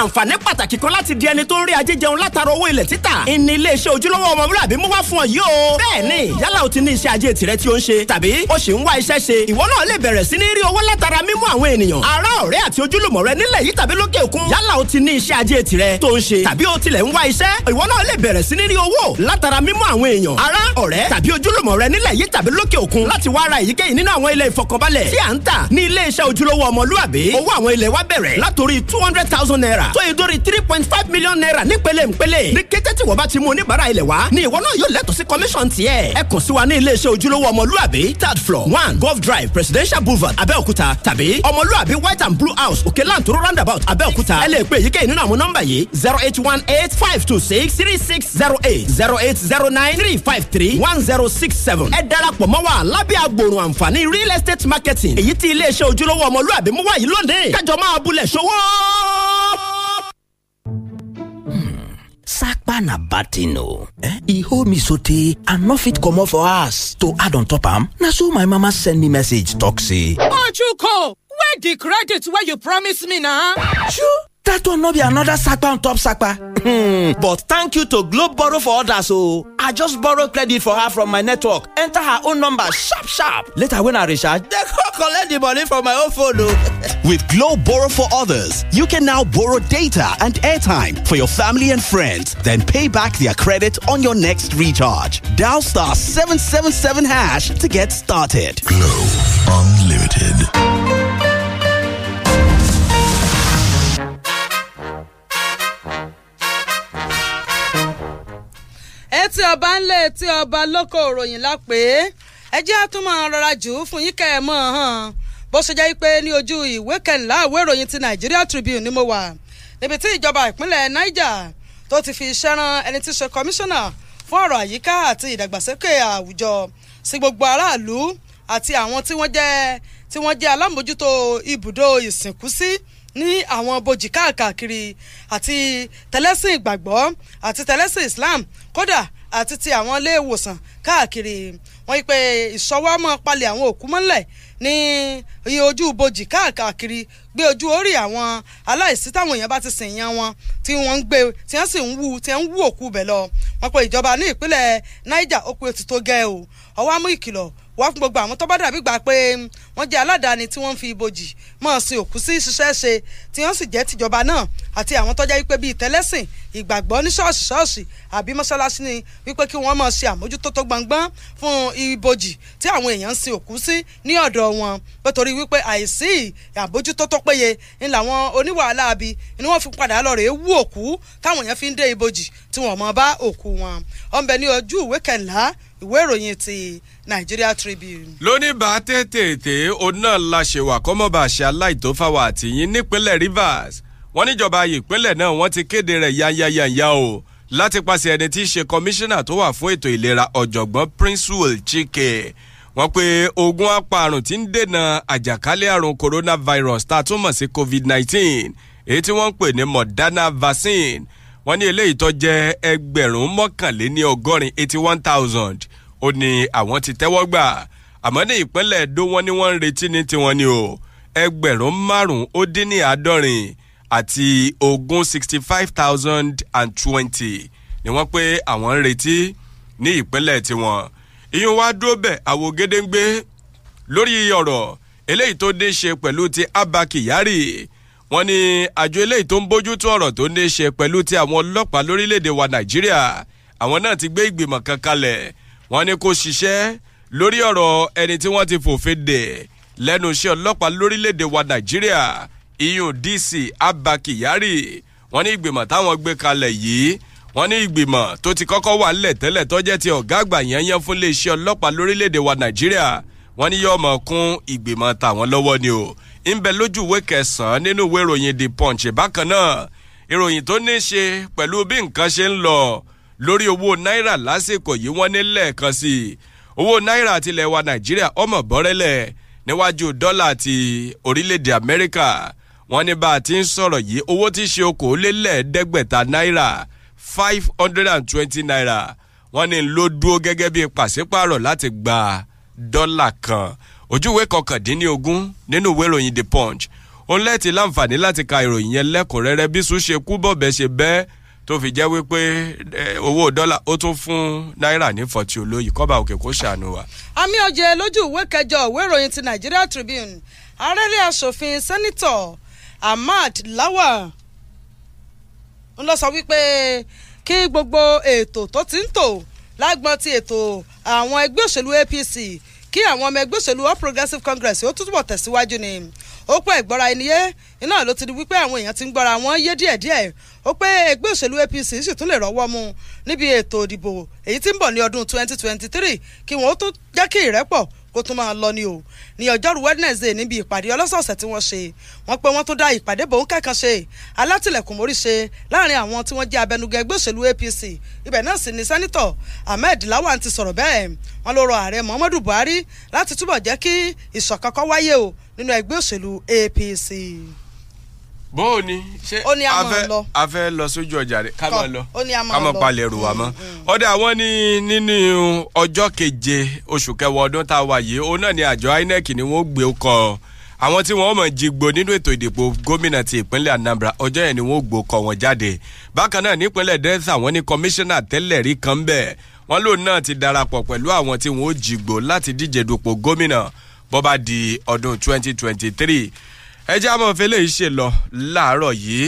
àǹfààní pàtàkì kan láti di ẹni tó ń rí ajé jẹun látara owó ilẹ̀ títà ìní iléeṣẹ́ ojúlówó ọmọbíláàbí mú wá fún ọ yìí o. bẹ́ẹ̀ni yálà o ti ní iṣẹ́ ajé tirẹ̀ tí o ń ṣe tàbí o sì ń wá iṣẹ́ ṣe ìwọ náà lè bẹ̀rẹ̀ sí ní rí owó látara mímú àwọn ènìyàn ará ọ̀rẹ́ àti ojúlùmọ̀ rẹ nílẹ̀ yìí tàbí lókè òkun yálà o ti ní iṣẹ́ ajé tirẹ̀ tó ń ṣe tàbí o tilẹ̀ ń wá iṣẹ́ ìwọ náà lè bẹ̀rẹ̀ sí ní rí owó látara mímú àwọn èèyàn ará ọ̀rẹ́ tàbí ojúlùmọ̀ rẹ nílẹ̀ yìí tàbí lókè òkun láti wá ra èyíkéyìí nínú àwọn ilé ìfọkànbalẹ̀ tí à ń tà ní iléeṣẹ́ ojúlówó ọmọlúàbí owó àwọn ilẹ̀ wa bẹ̀rẹ̀ látòrí two hundred thousand naira náírà tó ìdórí three point five million naira nípele nípele ní kété tí wọ́n bá ti mú oníbàárà ilẹ̀ wá ni ìwọ náà yóò lẹ́tọ̀ọ́ sí commission tiẹ̀ ẹ kàn sí wa ní iléeṣẹ́ ojúlówó ọmọlúàbí third floor one Gov drive presidential boulevard abẹ́òkúta tàbí ọmọlúàbí white and blue house òkèlàntúró roundabout abẹ́òkúta ẹ lè pe èyíkéyìí nínú àwọn nọ́mbà yìí zero eight one eight five two six three six zero eight zero eight zero nine three five three one zero six seven ẹ darapọ̀ mọ́ wa lábẹ́ agbòòrùn àǹfààní real estate marketing èyí tí iléeṣẹ́ ojúlówó ọmọlúàbí mú wáyé lónìí kájọ máa bulẹ̀ ṣòwò sakpa na bad thing o e eh, hold me so sotey i no fit comot for house to add on top am na so my mama send me message talk say ojuko where di credit wey you promise me na? Sure. that one not be another sapa on top sapa. Hmm, but thank you to Globe Borrow for others oh. I just borrow credit for her from my network enter her own number sharp sharp. Later when I recharge dem come collect the money from my own phone o. Oh. [laughs] With Globe Borrow for others, you can now borrow data and airtime for your family and friends, then pay back their credit on your next recharge. Dial star 777 hash to get started. Globe Unlimited. etí ọba ńlẹ̀ etí ọba lóko ìròyìn la pè é ẹ jẹ́ àtúmọ̀ rọra jù ú fún yín kẹ́ ẹ mọ̀ hàn bó ṣe jẹ́ pé ní ojú ìwé kẹ̀ńlá ìwé ìròyìn ti Nigeria Tribune ni mo wà níbi tí ìjọba ìpínlẹ̀ Niger tó ti fi iṣẹ́ ran ẹni tí í ṣe kọmíṣánná fún ọ̀rọ̀ àyíká àti ìdàgbàsókè àwùjọ sí gbogbo aráàlú àti àwọn tí wọ́n jẹ́ tí wọ́n jẹ́ alámòjútó ibùdó ìsìnkú sí ní àwọn bojì káàkiri àti tẹ̀lẹ́sìn ìgbàgbọ́ àti tẹ̀lẹ́sìn Islam kódà àti ti àwọn ilé ìwòsàn káàkiri wọ́n yí pé ìṣọwọ́ máa palẹ̀ àwọn òkú mọ́lẹ̀ ní iye ojú ibojì káàkiri gbé ojú orí àwọn aláìsí táwọn èèyàn bá ti sìn yan wọn tí wọ́n ń gbé tí wọ́n sì ń wú tí wọ́n ń wú òkú bẹ̀ lọ wọ́n pe ìjọba ní ìpínlẹ̀ Niger ó pe ti tó gẹ́ o ọwọ́ amú ìkìlọ̀ wá fún gbogbo àwọn tó bá dàbí gbà pé wọ́n jẹ́ aládàáni tí wọ́n ń fi ibojì mọ́ sí òkú sí ṣiṣẹ́ ṣe tí wọ́n sì jẹ́ tìjọba náà àti àwọn tọ́jà wípé bíi tẹ́lẹ́sìn ìgbàgbọ́ ní ṣọ́ọ̀ṣì ṣọ́ọ̀ṣì àbí mọ́ṣáláṣí ni wípé kí wọ́n máa ṣe àmójútó tó gbangban fún ibojì tí àwọn èèyàn ń sin òkú sí ní ọ̀dọ̀ wọn nítorí wípé àìsí àbójútó tó péye ni làwọn oníwàhálà abi ni wọ́n fi padà lọ wú òkú táwọn èèyàn fi ń dé ibojì tí wọ́n máa bá òkú wọn ọ̀nbẹ ní ojú ìwé kẹ̀ńlá ìwé ìròyìn ti Nigeria Tribune. lóní bá tètè òun náà la ṣèwà kọ́mọ́bà ṣe aláìtófáwà àtìyín nípínlẹ̀ Rivers wọ́n níjọba ìpínlẹ̀ náà wọ́n ti kéde rẹ̀ yányányányá o láti pàṣẹ ẹni tí í ṣe kọmíṣánná tó wà fún ètò ìlera ọ̀jọ̀gbọ́n Prince Will Chike wọ́n pe ogun apààrùn tí ń dènà àjàkálẹ̀ àrùn coronavirus tá a tún mọ̀ sí COVID-19 èyí tí wọ́n ń pè ní Moderna vaccine wọ́n ní eléyìí tó jẹ́ ẹgbẹ̀rún mọ́kànléní ọgọ́rin eighty one thousand ó ní àwọn ti tẹ́wọ́ gbà àmọ́ ní ìpínlẹ̀ Ẹdó wọ́n ní wọ́n ń retí ní tiwọn ni o ẹgbẹ̀rún márùn-ún ó dín ní àádọ́rin àti ogún sixty five thousand and twenty ni wọ́n pé àwọn ń retí ní ìpínlẹ̀ tiwọn ìyún wa dúró bẹ̀ àwo gédéǹgbé lórí ọ̀rọ̀ eléyìí tó ní í ṣe pẹ̀lú ti Abba Kyari wọ́n ní àjọ eléyìí tó ń bójú tó ọ̀rọ̀ tó ní ṣe pẹ̀lú ti àwọn ọlọ́pàá lórílẹ̀‐èdè wa Nàìjíríà àwọn náà ti gbé ìgbìmọ̀ kan kalẹ̀ wọ́n ní kó ṣiṣẹ́ lórí ọ̀rọ̀ ẹni tí wọ́n ti fòfin dè lẹ́nu iṣẹ́ ọlọ́pàá lórílẹ̀‐èdè wa Nàìjíríà iyun dc abba kyari wọ́n ní ìgbìmọ̀ táwọn gbé kalẹ̀ yìí wọ́n ní ìgbìmọ̀ tó ti kọ́kọ́ wà nílẹ̀ tẹ́lẹ̀ tó jẹ́ ti ọ̀gá àgbà yẹn yẹn fún iléeṣẹ́ ọlọ́pàá lórílẹ̀‐èdè wa nàìjíríà wọ́n ní yóò mọ̀ kún ìgbìmọ̀ tàwọn lọ́wọ́ ni o ń bẹ lójú ìwé kẹsàn-án nínú ìwé ìròyìn the punch bákan náà ìròyìn tó ní í ṣe pẹ̀lú bí nǹkan ṣe ń lọ lórí owó náírà lásìkò yìí wọ́n ní lẹ́ẹ̀kan sí i owó náírà tilẹ̀ wa nàìjíríà ọmọ bọ́rẹ́lẹ̀ níwájú dọ́là ti orílẹ̀-èdè amẹ́ríkà wọ́n ní bá a ti ń sọ̀rọ̀ yìí owó tí ṣe okòólélẹ́ẹ̀ẹ́dẹ́gbẹ̀ta náírà five hundred and twenty naira wọ́n ní ló dúró gẹ́gẹ́ bí pàṣípàrọ̀ láti gba dọ́là kan ojúwe kọkàndínlógún nínú ìwé ìròyìn the punch òun lẹ́ẹ̀tì láǹfààní láti ka ìròyìn yẹn lẹ́kùnrẹ́rẹ́ bí sùn ṣe kú bọ̀bẹ ṣe bẹ́ẹ̀ tó fi jẹ́ wípé eh, owó dọ́là ó tún fún náírà ní fọ̀tí olóyè kọ́ba òkè kó ṣàánú wa. àmì ọ̀jẹ̀ lójú ìwé kẹjọ ìwé ìròyìn ti nigeria tribune arẹ́lẹ̀ asòfin sẹ́nitọ̀ ahmad lawal ń lọ sọ wípé kí gbogbo ètò tó ti ń tò lágbọn ti ètò àwọn ẹgbẹ́ òṣèlú apc kí àwọn ọmọ ẹgbẹ́ òṣèlú all progressives congress ó túbọ̀ tẹ̀síwájú ni ó pẹ́ ìgbọ́ra ẹni yé iná ló ti di wípé àwọn èèyàn ti ń gbọ́ra wọn yé díẹ̀díẹ̀ ó pé ẹgbẹ́ òṣèlú apc sì tún lè rọ́wọ́ mu níbi ètò ìdìbò èyí tí ń bọ̀ ní ọdún 2023 kí wọ́n ó tún jẹ́ kí ìrẹ́pọ̀ kó tún máa lọ ni o ní ọjọ́rú wednesday níbi ìpàdé ọlọ́sọ̀ọ̀sẹ̀ tí wọ́n ṣe wọ́n pé wọ́n tún dá ìpàdé bòun kẹ́kan ṣe alátìlẹ̀kùn mórí ṣe láàrin àwọn tí wọ́n jẹ́ abẹnugan ẹgbẹ́ òṣèlú apc ibẹ̀ náà sì ni sẹ́nitọ̀ ahmed lawan ti sọ̀rọ̀ bẹ́ẹ̀ wọ́n ló rọ ààrẹ muhammadu buhari láti túbọ̀ jẹ́ kí ìṣọ̀kan wáyé o nínú ẹgbẹ́ òṣèlú apc bóò ni ṣé a fẹ́ lọ sójú ọjà rẹ̀ ká máa lọ ká máa palẹ̀ ẹrù wa mọ́. ọ̀dà mm, mm. àwọn ní nínú ọjọ́ keje oṣù kẹwàá ọdún tá a wà yìí òun náà ni àjọ INEC ni wọ́n gbé kọ́ àwọn tí wọ́n mọ̀ jigbo nínú ètò ìdìbò gómìnà ti ìpínlẹ̀ Anambra ọjọ́ yẹn ni wọ́n gbó kọ́ wọn jáde bákan náà nípínlẹ̀ Delta wọ́n ní kọmíṣánná tẹ́lẹ̀ rí kan bẹ́ẹ̀ wọ́n lòun náà ti darapọ̀ pẹ̀lú àwọn tí wọ́n jigbo láti díje dupò gómìnà bó di ọdún 2023 ẹjẹ́ àmọ́ fẹlẹ́ yìí ṣe lọ láàárọ̀ yìí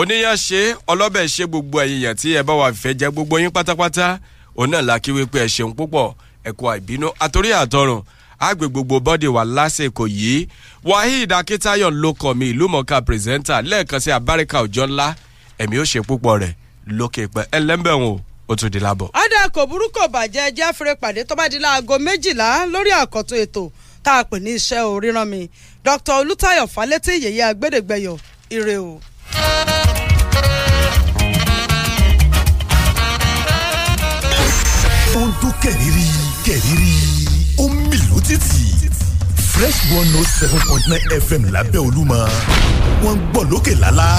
oníyàn ṣe ọlọ́bẹ̀ ṣe gbogbo èèyàn tí ẹ bá wà fẹ́ jẹ gbogbo yín pátápátá òun náà la kí wípé ẹ ṣeun púpọ̀ ẹ̀kọ́ àìbínú àtòrí àtọrùn àgbè gbogbo bọ́dì wà lásìkò yìí waheed akitayo ló kọ́ mi ìlú mọ̀ọ́ká pírẹsẹ́ńtà lẹ́ẹ̀kan sí abáríkà òjọ́ ńlá ẹ̀mí ó ṣe púpọ̀ rẹ̀ lókè pẹ́ ẹlẹ́mbẹ̀wọ̀n ó tún di lábọ̀. ọ̀dà kò burúkú bàjẹ́ jáfẹ́rẹ́ pàdé tó bá di láago méjìlá lórí àkọ́tún ètò tá a pè ní iṣẹ́ o ríran mi Dr Olùtayọ̀ Fálétí yèyé agbẹ́dẹ̀gbẹ́yọ̀ ire o. ó ń dún kẹ̀rìírí kẹ̀rìírí ó ń mìlú títì fresh one oh seven point nine fm lábẹ́ olúmọ wọ́n ń gbọ́ lókè lálá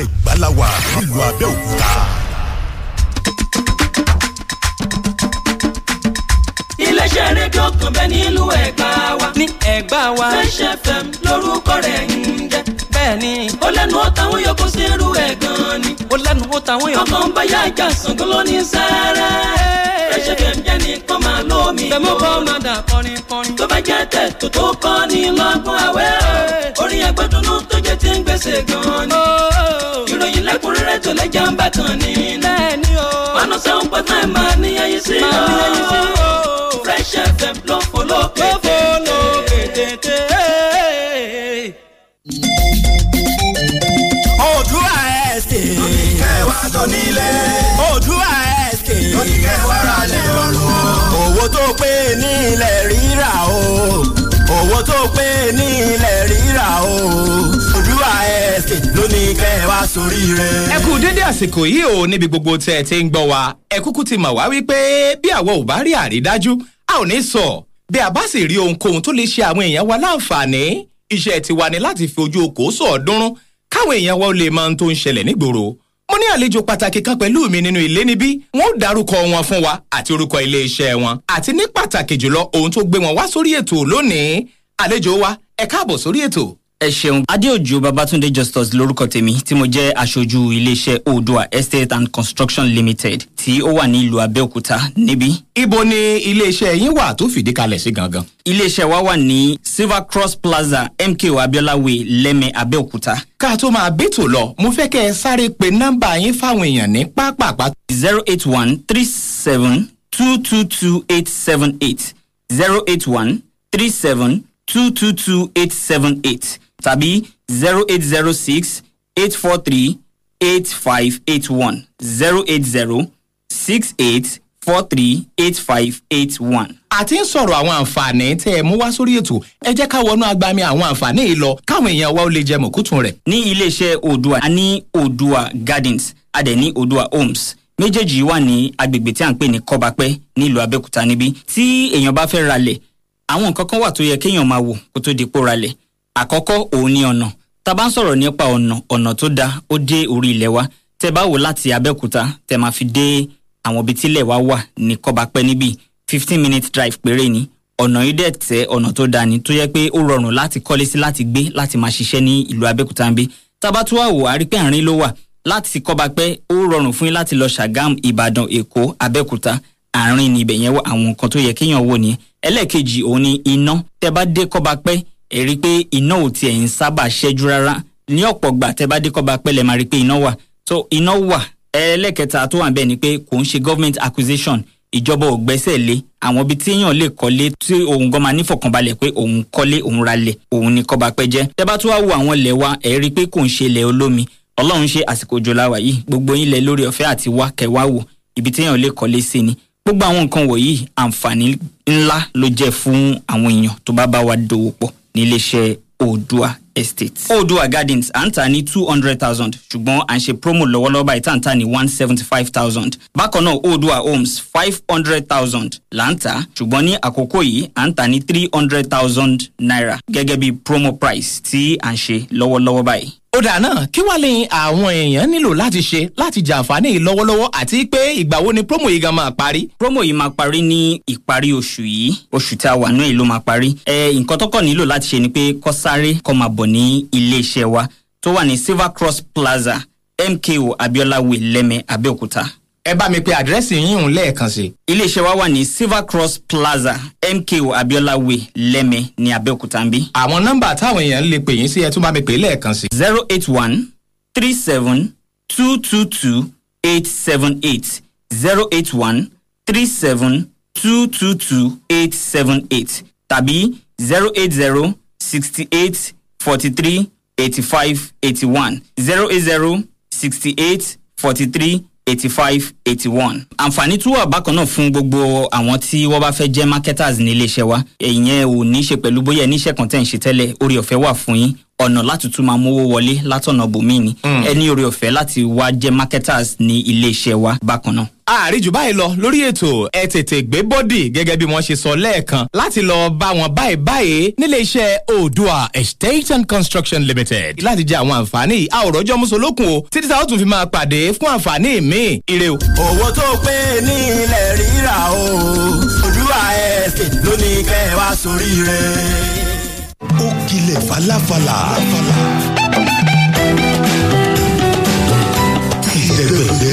ẹ̀gbá la wà nílùú abẹ́òkúta nílùú ẹ̀gbá wa. ní ẹ̀gbá wa. Fresh FM lórúkọ rẹ̀ ń jẹ́. bẹ́ẹ̀ni. ó lẹ́nu ó tàwọn yòókù sí irú ẹ̀ gan ni. ó lẹ́nu ó tàwọn yòókù. ọkàn báyà ìjà Ṣàngó ló ní sáárá. Fresh FM jẹ́ nìkan máa lómi. tẹ̀mú kọ́ máa dà kọrin kọrin. tó bá jẹ́ tẹ̀ tó tó kọ́ ni lọ́gbọ́n àwẹ̀. orin agbẹ́dúnú tó jẹ́ ti ń gbèsè gan ni. Oh. ìròyìn lẹ́kùnrẹ́rẹ́ tó lẹ́jà ń bá kan ni. o. one oh seven point nine máa níyẹn yìí sí i. máa níyẹn yìí sí i o. Fresh FM ló fò lókè tètè. Oòduà Estate. Lóníkẹ́ wa tó nílé. Oòduà Estate. Lóníkẹ́ wa ra lè rọrùn. Owó tó pé ní ilẹ̀ rírà o. Owó tó pé ní ilẹ̀ rírà o lónìí kẹ́ ẹ wa sórí rẹ̀. ẹ kú dédé àsìkò yìí o níbi gbogbo tẹ́ ẹ ti ń gbọ́ wa ẹ kúkú ti mọ̀ wá wípé bí àwa ò bá rí àrídájú a ò ní sọ bí a bá sì rí ohunkóhun tó lè ṣe àwọn èèyàn wa láǹfààní iṣẹ́ tiwa ni láti fi ojú okòó sọ̀ọ́dúnrún káwọn èèyàn wa ó lè máa ń tó ń ṣẹlẹ̀ nígboro mo ní àlejò pàtàkì kan pẹ̀lú mi nínú ilé níbí wọn ó dárúkọ wọn fún wa àti orúkọ iléeṣẹ́ wọn àti ní pàtàkì jùlọ ohun tó gbé wọn wá sórí ètò lónìí àlejò wa ẹ káàbọ̀ sórí ètò ẹ ṣeun. adéòjò babatunde justus lórúkọ tèmi tí mo jẹ́ aṣojú iléeṣẹ́ oodua estate and construction limited tí ó wà ní ìlú abẹ́òkúta níbí. ibo ni iléeṣẹ́ yín wà tó fìdí kalẹ̀ sí gangan. iléeṣẹ́ wa wà ní silver cross plaza mko abiola way lẹ́mẹ̀ abẹ́òkúta. ká tó máa bẹ́tò lọ mo fẹ́ kẹ́ ẹ sáré pe nọ́mbà yín fáwọn èèyàn ní pápápá. zero eight one three seven two two two eight seven eight zero eight one three seven two two two eight seven eight tàbí zero eight zero six eight four three eight five eight one zero eight zero six eight four three eight five eight one. a ti ń sọ̀rọ̀ àwọn àǹfààní tẹ́ ẹ mú wá sórí ètò ẹ jẹ́ ká wọnú agbami àwọn àǹfààní yìí lọ káwọn èèyàn wa ó lè jẹ mọ̀kútùn rẹ̀. ní iléeṣẹ́ odua a ní odua gardens a dẹ̀ ní odua homes méjèèjì wà ní agbègbè tí à ń pè ní kọ́bapẹ́ nílùú abẹ́òkúta níbí tí èèyàn bá fẹ́ ralẹ̀ àwọn nǹkan kan wà tó yẹ kéèyàn máa wò kó tó di pó àkọ́kọ́ òun ni ọ̀nà tá a bá ń sọ̀rọ̀ nípa ọ̀nà ọ̀nà tó da ó dé orí ilẹ̀ wa tẹ́ bá wò láti Abẹ́òkúta tẹ́ máa fi dé àwọn ibi tílẹ̀ wa wà ní Kọ́bápẹ́ níbí fifteen minute drive péré ni ọ̀nà yìí dẹ̀ tẹ́ ọ̀nà tó da ni tó yẹ pé ó rọrùn láti kọ́lé sí láti gbé láti máa ṣiṣẹ́ ní ìlú Abẹ́òkúta ń bí tá a bá tún wà wò àrí pé àárín ló wà láti Kọ́bápẹ́ ó rọrùn fún yín láti lọ Ṣàgámù ni ibẹ̀ yẹn wà àwọn nǹkan tó yẹ ẹ rí i pé iná ò tiẹ̀ ń sábà ṣẹ́jú rárá ní ọ̀pọ̀ gbà tẹ́ bá dé Kọ́ba máa rí pé iná wà so iná wà ẹlẹ́kẹta tó wà bẹ́ẹ̀ ni pé kò ń ṣe government acquisition ìjọba ò gbẹ́sẹ̀ lé àwọn ibi tí èèyàn lè kọ́lé tí òun gan máa nífọ̀kànbalẹ̀ pé òun kọ́lé òun ra lẹ̀ òun ni Kọ́ba Pẹ́ jẹ́ tẹ́ bá tún wá wo àwọn ilẹ̀ wa ẹ rí i pé kò ń ṣe ilẹ̀ olómi Ọlọ́run ṣe àsìkò òjò la wà yìí gbogbo yín lórí ọ̀fẹ́ àti wá kẹwàá wò ibi tí èèyàn lè kọ́lé sí ni gbogbo àwọn nǹkan wọ̀nyí àǹfààní ńlá ló jẹ́ fún àwọn èèyàn tó bá bá wa dòwò pọ̀ níléeṣẹ́ Odua estate. Odua gardens à ń tà ní two hundred thousand ṣùgbọ́n à ń ṣe promo lọ́wọ́lọ́wọ́ báyìí tá ń tà ní one seventy five thousand. Bákan náà Odua homes five hundred thousand là ń tà ṣùgbọ́n ní àkókò yìí à ń tà ní three hundred thousand naira gẹ́gẹ́ bí promo price tí à ń ṣe lọ́wọ́lọ́wọ́ báyìí ọ̀dà náà kí wàá lẹ́yìn àwọn èèyàn nílò láti ṣe láti jàǹfààní yìí lọ́wọ́lọ́wọ́ àti pé ìgbà wo ni promo yìí gan máa parí. promo yìí máa parí ní ìparí oṣù yìí oṣù tí a wà náà yìí ló máa parí. ẹ nǹkan tó kàn nílò láti ṣe ni pé kó sáré kó máa bọ̀ ní ilé wa tó wà ní Silver Cross Plaza MKO Abiola Way Lẹ́mẹ̀ Abẹ́òkúta ẹ bá mi pe àdírẹ́sì yín òun lẹ́ẹ̀kan sí. iléeṣẹ́ wa wà ní silver cross plaza mko abiola way lẹ́mẹ̀ ní abẹ́òkúta ń bí. àwọn nọ́mbà táwọn èèyàn lè pè yín sí ẹ tún bá mi pè lẹ́ẹ̀kan sí. zero eight one three seven two two two eight seven eight zero eight one three seven two two two eight seven eight tàbí zero eight zero sixty eight forty three eighty five eighty one zero eight zero sixty eight forty three eighty five eighty one. àǹfààní tún wà bákan náà fún gbogbo àwọn tí wọ́n bá fẹ́ jẹ́ marketers ní iléeṣẹ́ wa èèyàn ò ní ṣe pẹ̀lú bóyá ẹ níṣẹ́ kan tẹ̀ ń ṣe tẹ́lẹ̀ orí wà fún yín ọ̀nà láti tún máa mówó wọlé látọ̀nà bòmíì ni hmm. ẹ ní oore ọ̀fẹ́ láti wá jẹ́ marketers ní ilé wa bákan náà àríjù báyìí lọ lórí ètò ẹ tètè gbé bọ́dì gẹ́gẹ́ bí wọ́n ṣe sọ lẹ́ẹ̀kan láti lọ bá wọn báyìí báyìí nílé iṣẹ́ Oòduà Estate and Construction Limited láti jẹ àwọn àǹfààní àwòrọ́jọ́ mùsùlùkùn o títí táwọn tún fi máa pàdé fún àǹfààní míì ire o. owó tó pé ní ilẹ̀ rírà o Oòduà Estate ló ní kẹ́ ẹ wá sórí rẹ̀ ó kilẹ̀ falafala. ìdẹ̀gbẹ̀dẹ̀.